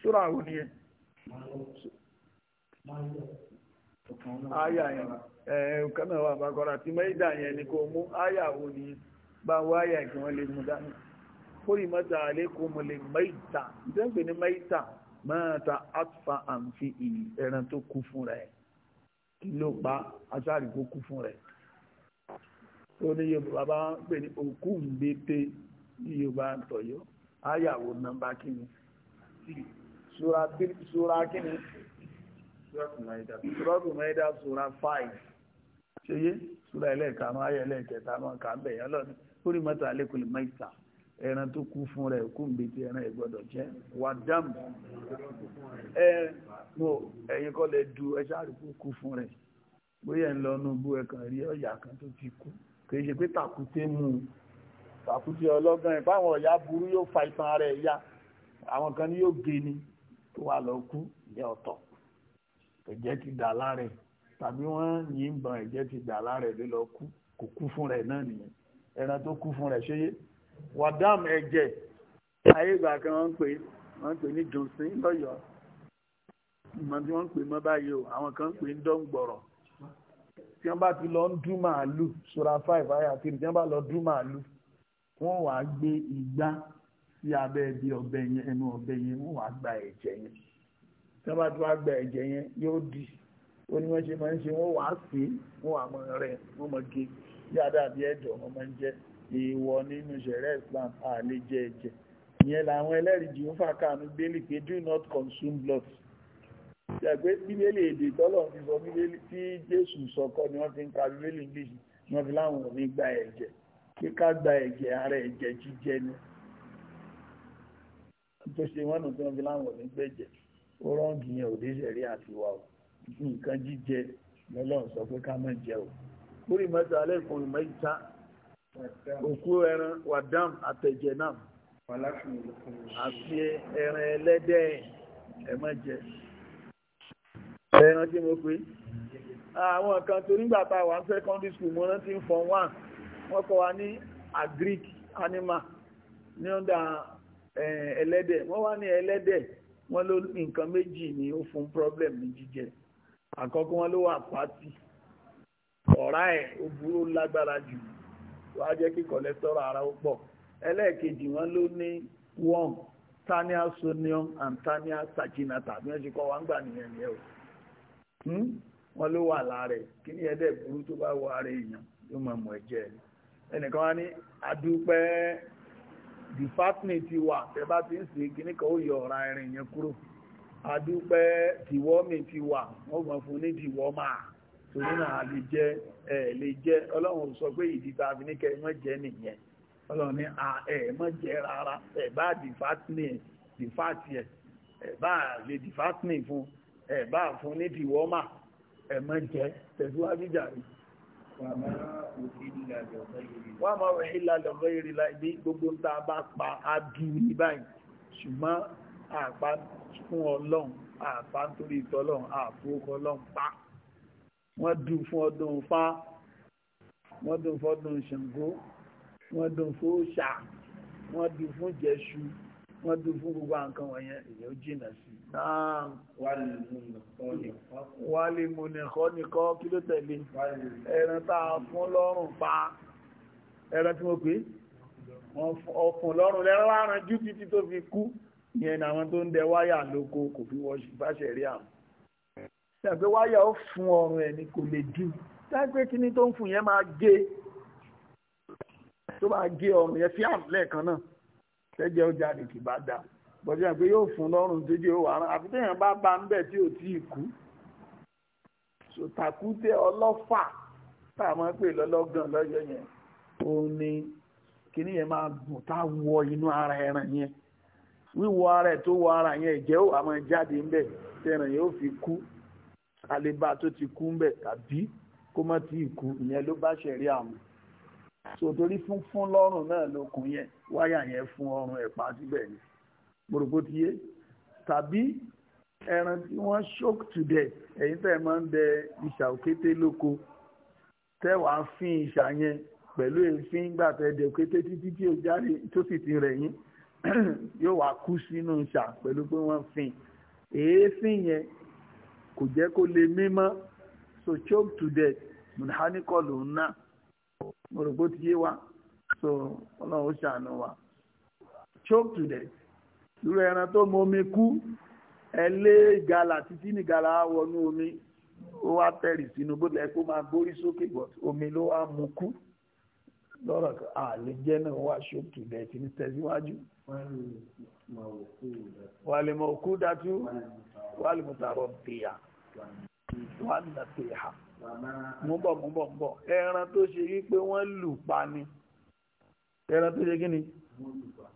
ṣúra àwọn oníyẹn. Aya yẹn. ẹ̀ẹ̀kánà wà bàkọ́rà tí mẹ́ìdà yẹn ni kò mú áyàwó ni bá wá áyà kí wọ́n lè mú dání fórí mẹ́ta àlékún mo lè mẹ́ìta ìdẹ́gbẹ̀ ní mẹ́ìta mẹ́ta atfa àǹfi ìyí ẹran tó kú fún rẹ̀ kí ló pa aṣáàrì kó kú fún rẹ̀ tó ní yorùbá bá ń pè ní òkú mbété ní yorùbá tọ̀yọ́ áyàwó nọ́mbà kíni sura kíni sura Maida sura five. ṣe yé súra ẹlẹ́ẹ̀ka máa ayẹ ẹlẹ́ẹ̀kẹta máa bẹ̀ yẹn lọ́nà ó mọ́tò alẹ́kùnlé mẹ́ta ẹran tó kú fún rẹ̀ kú ń bètè ẹran ẹ̀ jẹ́ wà dáàmù ẹ du ẹ ṣáà kú kú fún rẹ̀ bóyá ń lọ inú bú ẹkàn kan tó ti kú kì ṣe pé tàkúté mú un tàkúté ọlọ́gán ẹ̀ báwọn ọ̀yà burú yóò fa ya àwọn kan ní yóò gé ni tó wà lọ kú ìyẹn ọ̀tọ̀ kò ti dà lára ẹ̀ tàbí wọ́n yìnbọn ẹ̀jẹ̀ ti dà lára ẹ̀ lọ kú kò kú fún rẹ̀ náà nìyẹn ẹran tó kú fún rẹ̀ ṣéyé wàdàm ẹ̀jẹ̀ ayé ìgbà kan wọ́n ń pè wọ́n ń pè ní jòsín lọ́yọ̀ọ́ ìmọ̀ tí wọ́n ń pè mọ́ báyìí o àwọn kan ń pè ń dọ́ngbọ̀rọ̀ tí wọ́n bá ti lọ ń dún màálù sura five ayà tí wọ́n bá lọ dún màálù wọ́n wà á gbé igbá sí abẹ́ bí ọbẹ̀ yẹn ẹnu ọbẹ̀ yẹn wọ́n wà á gba ẹ̀jẹ̀ yẹn tí wọ́n bá ti wá gba ẹ̀jẹ̀ yẹn yóò di ó ní wọ́n ṣe máa ń ṣe wọ́n wà sí wọ́n wà mọ́ rẹ̀ wọ́n mọ́ gé yàdá bí ẹ̀jọ̀ wọ́n máa ń jẹ́ ìwọ nínú ṣẹ̀rẹ́ Islam a lè ẹ̀jẹ̀ ìyẹn làwọn ẹlẹ́rìí jìhúfà kàánú bẹ́ẹ̀lì pé do not consume blood ṣàgbé bíbélì èdè tọ́lọ̀ ti sọ bíbélì tí Jésù sọkọ ni wọ́n fi ń ka bíbélì English ni wọ́n fi láwọn ò ní gba ẹ̀jẹ̀ kíká gba ẹ̀jẹ̀ ara ẹ̀jẹ̀ jíjẹ ni tó ṣe wọ́n nù tí wọ́n fi láwọn ò ní gbẹ̀jẹ̀ ó rọ́ǹgì yẹn ò dé àtiwá o nǹkan jíjẹ lọ́lọ́run sọ pé ká má jẹ o kúrì mẹ́ta alẹ́ ìfún ìmẹ́ta òkú ẹran wàdám àtẹ̀jẹ̀ náà àti ẹran ẹlẹ́dẹ̀ ẹ má jẹ ẹran tí mo pé àwọn kan tó nígbà tá a wà ní secondary school mo rántí ń form one wọ́n kọ́ wa ní agric animal ní ọ̀dà ẹlẹ́dẹ̀ wọ́n wá ní ẹlẹ́dẹ̀ wọ́n ló nǹkan méjì ni ó fún problem ní jíjẹ àkọ́kọ́ wọn ló wà pátì ọ̀rá ẹ̀ ó burú lágbára jù wá jẹ́ kí cholesterol ara ó pọ̀ ẹlẹ́ẹ̀kejì wọn ló ní wọn tania and tania saginata bí wọ́n ṣe kọ́ wa gbà nìyẹn o hmm? wọn ló wà lára ẹ̀ kí ni ẹ̀dẹ̀ burú tó bá wọ ara èèyàn yóò máa mọ̀ ẹ̀jẹ̀ ẹ̀ ẹnìkan wá ní the fatness ti wà bá ti ń sìn kíníkan ó yọ ọ̀rá ẹ̀rìn yẹn kúrò adúpẹ́ tìwọ́ mi ti wà wọ́n mọ̀ fún ní tìwọ́ máa torí náà lè jẹ́ ẹ̀ lè jẹ́ ọlọ́run sọ pé ìdí tá fi ní kẹ́ mọ́ jẹ́ nìyẹn ọlọ́run ní ẹ̀ mọ́ jẹ́ rárá ẹ̀ bá dìfátìnì dìfátì ẹ̀ ẹ̀ bá lè dìfátìnì fún ẹ̀ bá fún ní tìwọ́ máa ẹ̀ mọ́ jẹ́ tẹ̀síwájú jàre wọ́n máa wẹ̀ ìlà lọ́rọ̀ ìrìnlá ibi gbogbo ń ta bá pa á dùn ní báyìí ṣùgbọ́n àpá fún ọlọ́run àpá nítorí ìtọ́lọ́run àfowókọ ọlọ́run pa wọ́n dùn fún ọdún fá wọ́n dùn fún ọdún ṣàngó wọ́n dùn fún òòṣà wọ́n dùn fún jésù wọ́n dùn fún gbogbo nǹkan wọ̀nyẹn èyàn jìnà sí. wálé mo nìkọ́ nìkọ́ kí ló tẹ̀lé ẹran tá a fún lọ́rùn pa ẹran tí mo pè é ọkùn lọ́rùn lẹ́rọ àrùn jù títí tó fi kú. yẹn àwọn tó ń dẹ wáyà lóko kò fi wọ́n ṣùgbàṣẹ̀ rí àwọn. ṣàgbé wáyà ó fún ọrùn ẹ̀ ni kò lè dì dágbé kíní tó ń fún yẹn máa gé tó máa gé ọrùn yẹn fi àmì lẹ́ẹ̀kan náà tẹ́jẹ́ ó jáde kì bá dà bọ́jú àgbé yóò fún lọ́rùn tó jẹ́ òwà àfi téèyàn bá bá ń bẹ̀ tí ò tí ì kú. sòtàkùtẹ̀ ọlọ́fà tá a máa pè lọ́lọ́gàn lọ́yọ̀ yẹn òun ni kíní yẹn máa gùn tá inú ara ẹran yẹn wíwọ ara ẹ̀ tó wọ ara yẹn ẹ̀jẹ̀ ó àmọ́ jáde ńbẹ̀ tẹ̀ràn yóò fi kú àlebá tó ti kú ńbẹ̀ tàbí kó má ti kú ìyẹn ló bá ṣẹ̀rí àmọ́ sòtórí fúnfún lọ́rùn náà lókun yẹn wáyà yẹn fún ọrùn ẹ̀ pa síbẹ̀ ni gbòrògbòtìyé tàbí ẹran tí wọ́n choke to death ẹ̀yin tẹ́ máa ń dẹ ìṣà òkété lóko tẹ́wàá fín ìṣà yẹn pẹ̀lú èéfín gbàtẹ́ dẹ òkété títí tí ó jáde tó sì ti rẹ̀ yín (clears throat) yóò wá kú sínú ṣà pẹ̀lú pé wọ́n fin èéfín yẹn kò jẹ́ kó lè mímọ́ so choke to death mùnhánikọ́ lòun náà mo rò pé ti yé wa so ọlọ́run ó ṣàánú wa choke to death irú ẹran tó mọ omi kú ẹlé gala títí ní gala wọnú omi ó wá tẹ̀rì sínú bó lẹ́ kó máa gbórí sókè but omi ló wá mú kú lọ́rọ̀ àlejẹ́ náà wá ṣókè bẹ́ẹ̀ tí ní tẹ̀síwájú wàlìmọ̀kúdátú wàlìmọ̀tàrọ̀bìyà wàlìmọ̀tàrọ̀bìyà múbọ̀ múbọ̀ múbọ̀ ẹran tó ṣe wípé wọ́n lù pa ni ẹran tó ṣe kí ni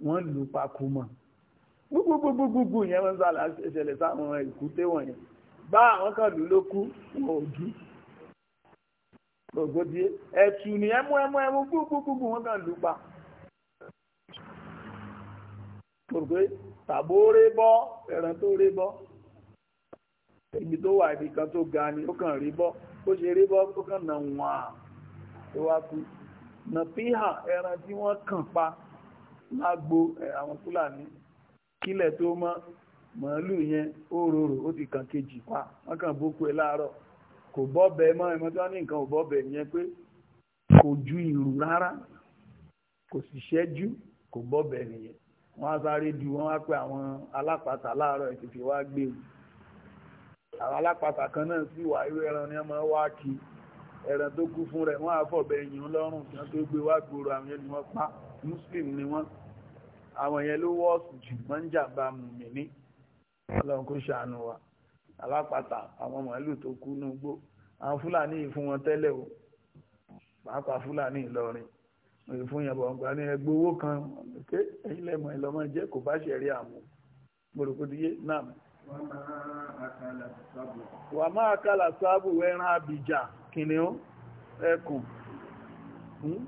wọ́n lù pa kú mọ̀ gbogbogbogbogbò yẹn wọ́n sá ṣẹlẹ̀ sáwọn ìkúté wọ̀nyẹn bá àwọn kan lù ló kú wọn ò dú gbogbo díẹ̀ ẹ̀tù ni ẹmú ẹmú ẹmú gbogbogbò wọ́n kàn lù pa. mo rò pé tàbó rí bọ́ ẹran tó rí bọ́ ibi tó wà ibi kan tó ga ni ó kàn rí bọ́ ó ṣe rí bọ́ ó kàn nà wọ́n à tó wá kú nà píhà ẹran tí wọ́n kàn pa lágbo àwọn fúlàní kílẹ̀ tó mọ́ màálù yẹn ó rorò ó ti kàn kejì pa wọ́n kàn ẹ láàárọ̀ kò mọ́ ẹmọ tí wọ́n ní nǹkan ò yẹn pé kò ju ìrù rárá kò sì ṣẹ́jú kò nìyẹn wọ́n á sáré du wọ́n á pé àwọn alápàtà láàárọ̀ ìtìtì wá gbèrú àwọn alápàtà kan náà sì wà irú ẹran ni wọ́n máa wá kí ẹran tó kú fún rẹ̀ wọ́n á fọ̀bẹ ẹ̀yìn lọ́rùn kí wọ́n tó gbé wá gbòòrò àwọn yẹn ni wọ́n pa muslim ni wọ́n àwọn yẹn ló wọ́ọ̀sì jù máa ń jàmbá mùmíní ọlọ́run kó ṣàánú wa alápàtà àwọn màálù tó kú núgbó àwọn fúlàní yìí fún wọn tẹ́lẹ̀ o pàápàá fúlàní ìlọrin fún yẹn bọ̀ ọgbà ní ẹgbẹ́ owó kan ké ẹ̀yin lẹ́mọ̀ ẹ̀ lọ́mọ jẹ́ kò bá ṣe rí àmú gbòrògbòdìyé náà. wà máa kálà sáàbù ẹran àbìjà kìnìún ẹkùn hmm?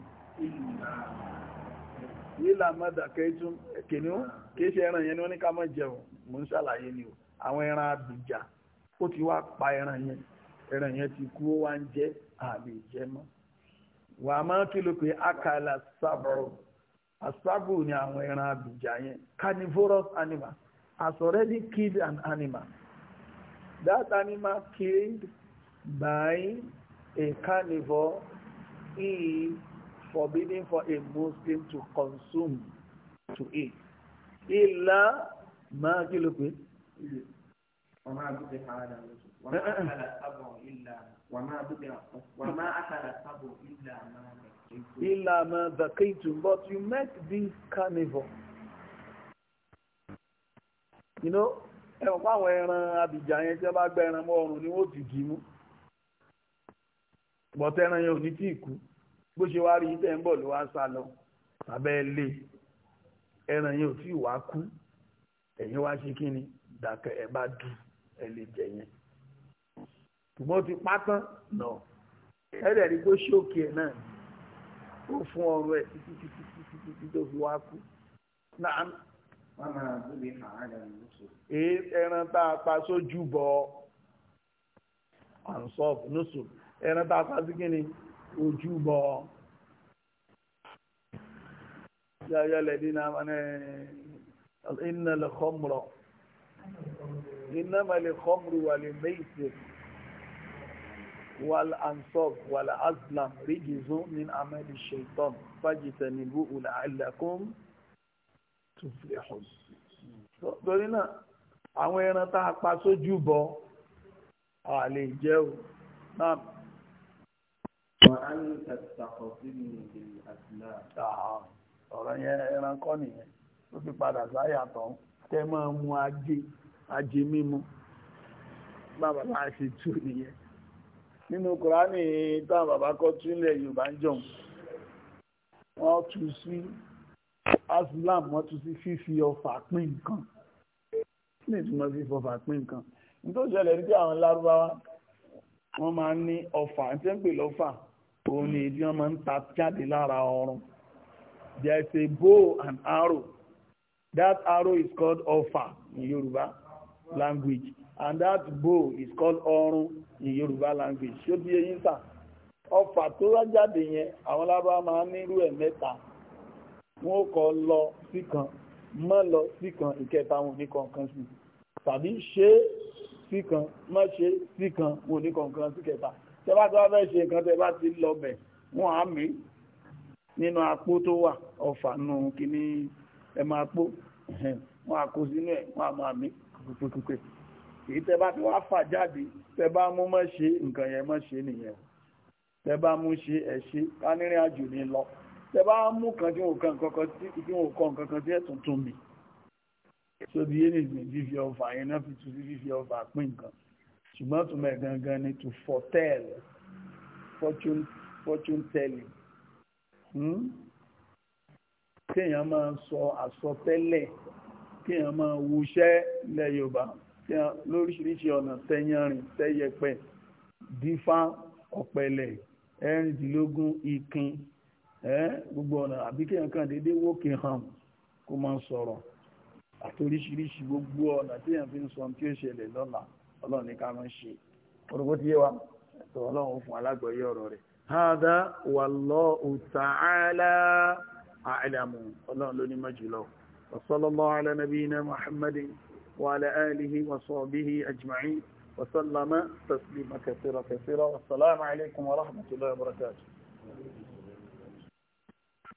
yílà mọ́dàkẹ́ tún kìnìún kìí ṣe ẹran yẹn ni wọ́n ní ká má jẹun mò ń ṣàlàyé ni o àwọn ẹran àbìjà ó ti wá pa ẹran yẹn ẹran yẹn ti kú ó wá ń jẹ àbìjẹ mọ́ wà á máa kí ló pé akala sábọ̀rọ̀ asábò ni àwọn ẹran abìjà yẹn carnivorous animal has already killed an animal that animal killed by a carnivore is forbidden for a Muslim to consume to eat ilà máa kí ló pé. ọ̀rọ̀ àgùntàn ara rẹ̀ ló sọ wọ́n á kàlà sábọ̀ ilà wàmá dúkìá wàmá zakaitu. but you make this carnival. you know ẹ̀wọ̀n fáwọn ẹran abìjà yẹn tí wọ́n bá gbẹ ẹran mọ́ ọrùn ni wọ́n ti dì í mú. bọ̀tẹ́ ẹran yẹn ò ní tí ì kú bó ṣe wá rí tẹ́ ń bọ̀ ló wá sá lọ tàbẹ́ lé ẹran yẹn ò tí ì wá kú ẹ̀yin wá ṣe kí ni dàkẹ́ ẹ bá dùn ẹ lè jẹ yẹn ṣùgbọ́n ti pátán nà ẹ̀rẹ̀ rí pé ṣókè ẹ̀ náà ó fún ọrọ̀ ẹ̀ títí títí títí títí tó fi wá kú. ẹran tá a pa sójú bọ ansof nusu ẹran tá a pa sí kíni ojú bọ. yáyá lẹ́dí náà máa ń ẹ̀ ẹ̀ iná Inna kọ́mùrọ̀ iná máa lè kọ́mùrù wà lè méjì wal ansob wal azlam rígizún min amẹ́lì ṣètọ́n fájìtẹ̀ níbú la'allakum tuflihun. torí náà àwọn ẹran tá a pa sójú bọ a lè jẹ́ o náà. wọ́n á ní ẹ̀sàkọ̀ sí ní ìlú àtìlá. ọ̀rọ̀ yẹn ẹran kọ́ nìyẹn ó fi padà sáyà tẹ́ máa mú ajé ajé mímu bàbá láti tú nìyẹn nínú kùránì táwọn bàbá kọ́ tún ilẹ̀ yorùbá ń jọun wọ́n tú sí aslam wọ́n tú sí fífi ọfà pín nǹkan kí ni ìtumọ̀ fífi ọfà pín nǹkan nítorí ṣẹlẹ̀ ní pé àwọn lárúbáwá wọ́n máa ń ní ọfà tí ń pè lọ́fà òun ni ìdí wọn máa ń ta jáde lára ọrùn there is a bow and arrow that arrow is called ọfà in yorùbá language and that bow is called ọrùn in Yorùbá language ṣó bí eyín sà ọfà tó wá jáde yẹn àwọn lábá máa ń nírú ẹ̀ mẹ́ta wọn kọ lọ sí kan mọ́ lọ sí kan ìkẹta wọn ní kọ̀ọ̀kan sí tàbí ṣe sí kan mọ́ ṣe sí kan wọn ní kọ̀ọ̀kan sí kẹta tẹ bá tó wá fẹ́ ṣe nǹkan tẹ bá ti lọ bẹ̀ wọ́n á mí nínú apó tó wà ọfà nù kíní ẹ̀ máa pó wọ́n á kó sínú ẹ̀ wọ́n á máa mí kúkúkúkú èyí tẹ bá ti wá fà jáde tẹ bá mú mọ́ ṣe nǹkan yẹn mọ́ ṣe nìyẹn o tẹ bá mú ṣe ẹ ṣe kánírìn àjò ní lọ tẹ bá mú kan tí wọn kọ nǹkan kan tí ẹ tuntun mi sóbi yé nìgbè fífi ọfà yẹn náà fi tu fífi ọfà pín nǹkan ṣùgbọ́n tún bẹ̀ gangan ni to foretell fortune fortune telling hmm? kéèyàn máa sọ àsọtẹ́lẹ̀ kéèyàn máa wuṣẹ́ lẹ́yọ̀bá. lóríṣiríṣi ọ̀nà tẹ́yẹrin tẹ́yẹpẹ dífá ọ̀pẹ̀lẹ̀ ẹ̀rìndínlógún ìkin gbogbo ọ̀nà àbí kéèyàn dédé wókè hàn kó máa ń sọ̀rọ̀ àti gbogbo ọ̀nà téèyàn fi ń sọ tí ó ṣẹlẹ̀ lọ́la ọlọ́run ní ká máa ń ṣe orúkọ tí yé wa ẹ̀tọ́ ọlọ́run fún alágbọ̀ọ́yé ọ̀rọ̀ rẹ̀ ọlọ́run mọ́ jùlọ Muhammadin وعلى آله وصحبه أجمعين وسلم تسليما كثيرا كثيرا والسلام عليكم ورحمة الله وبركاته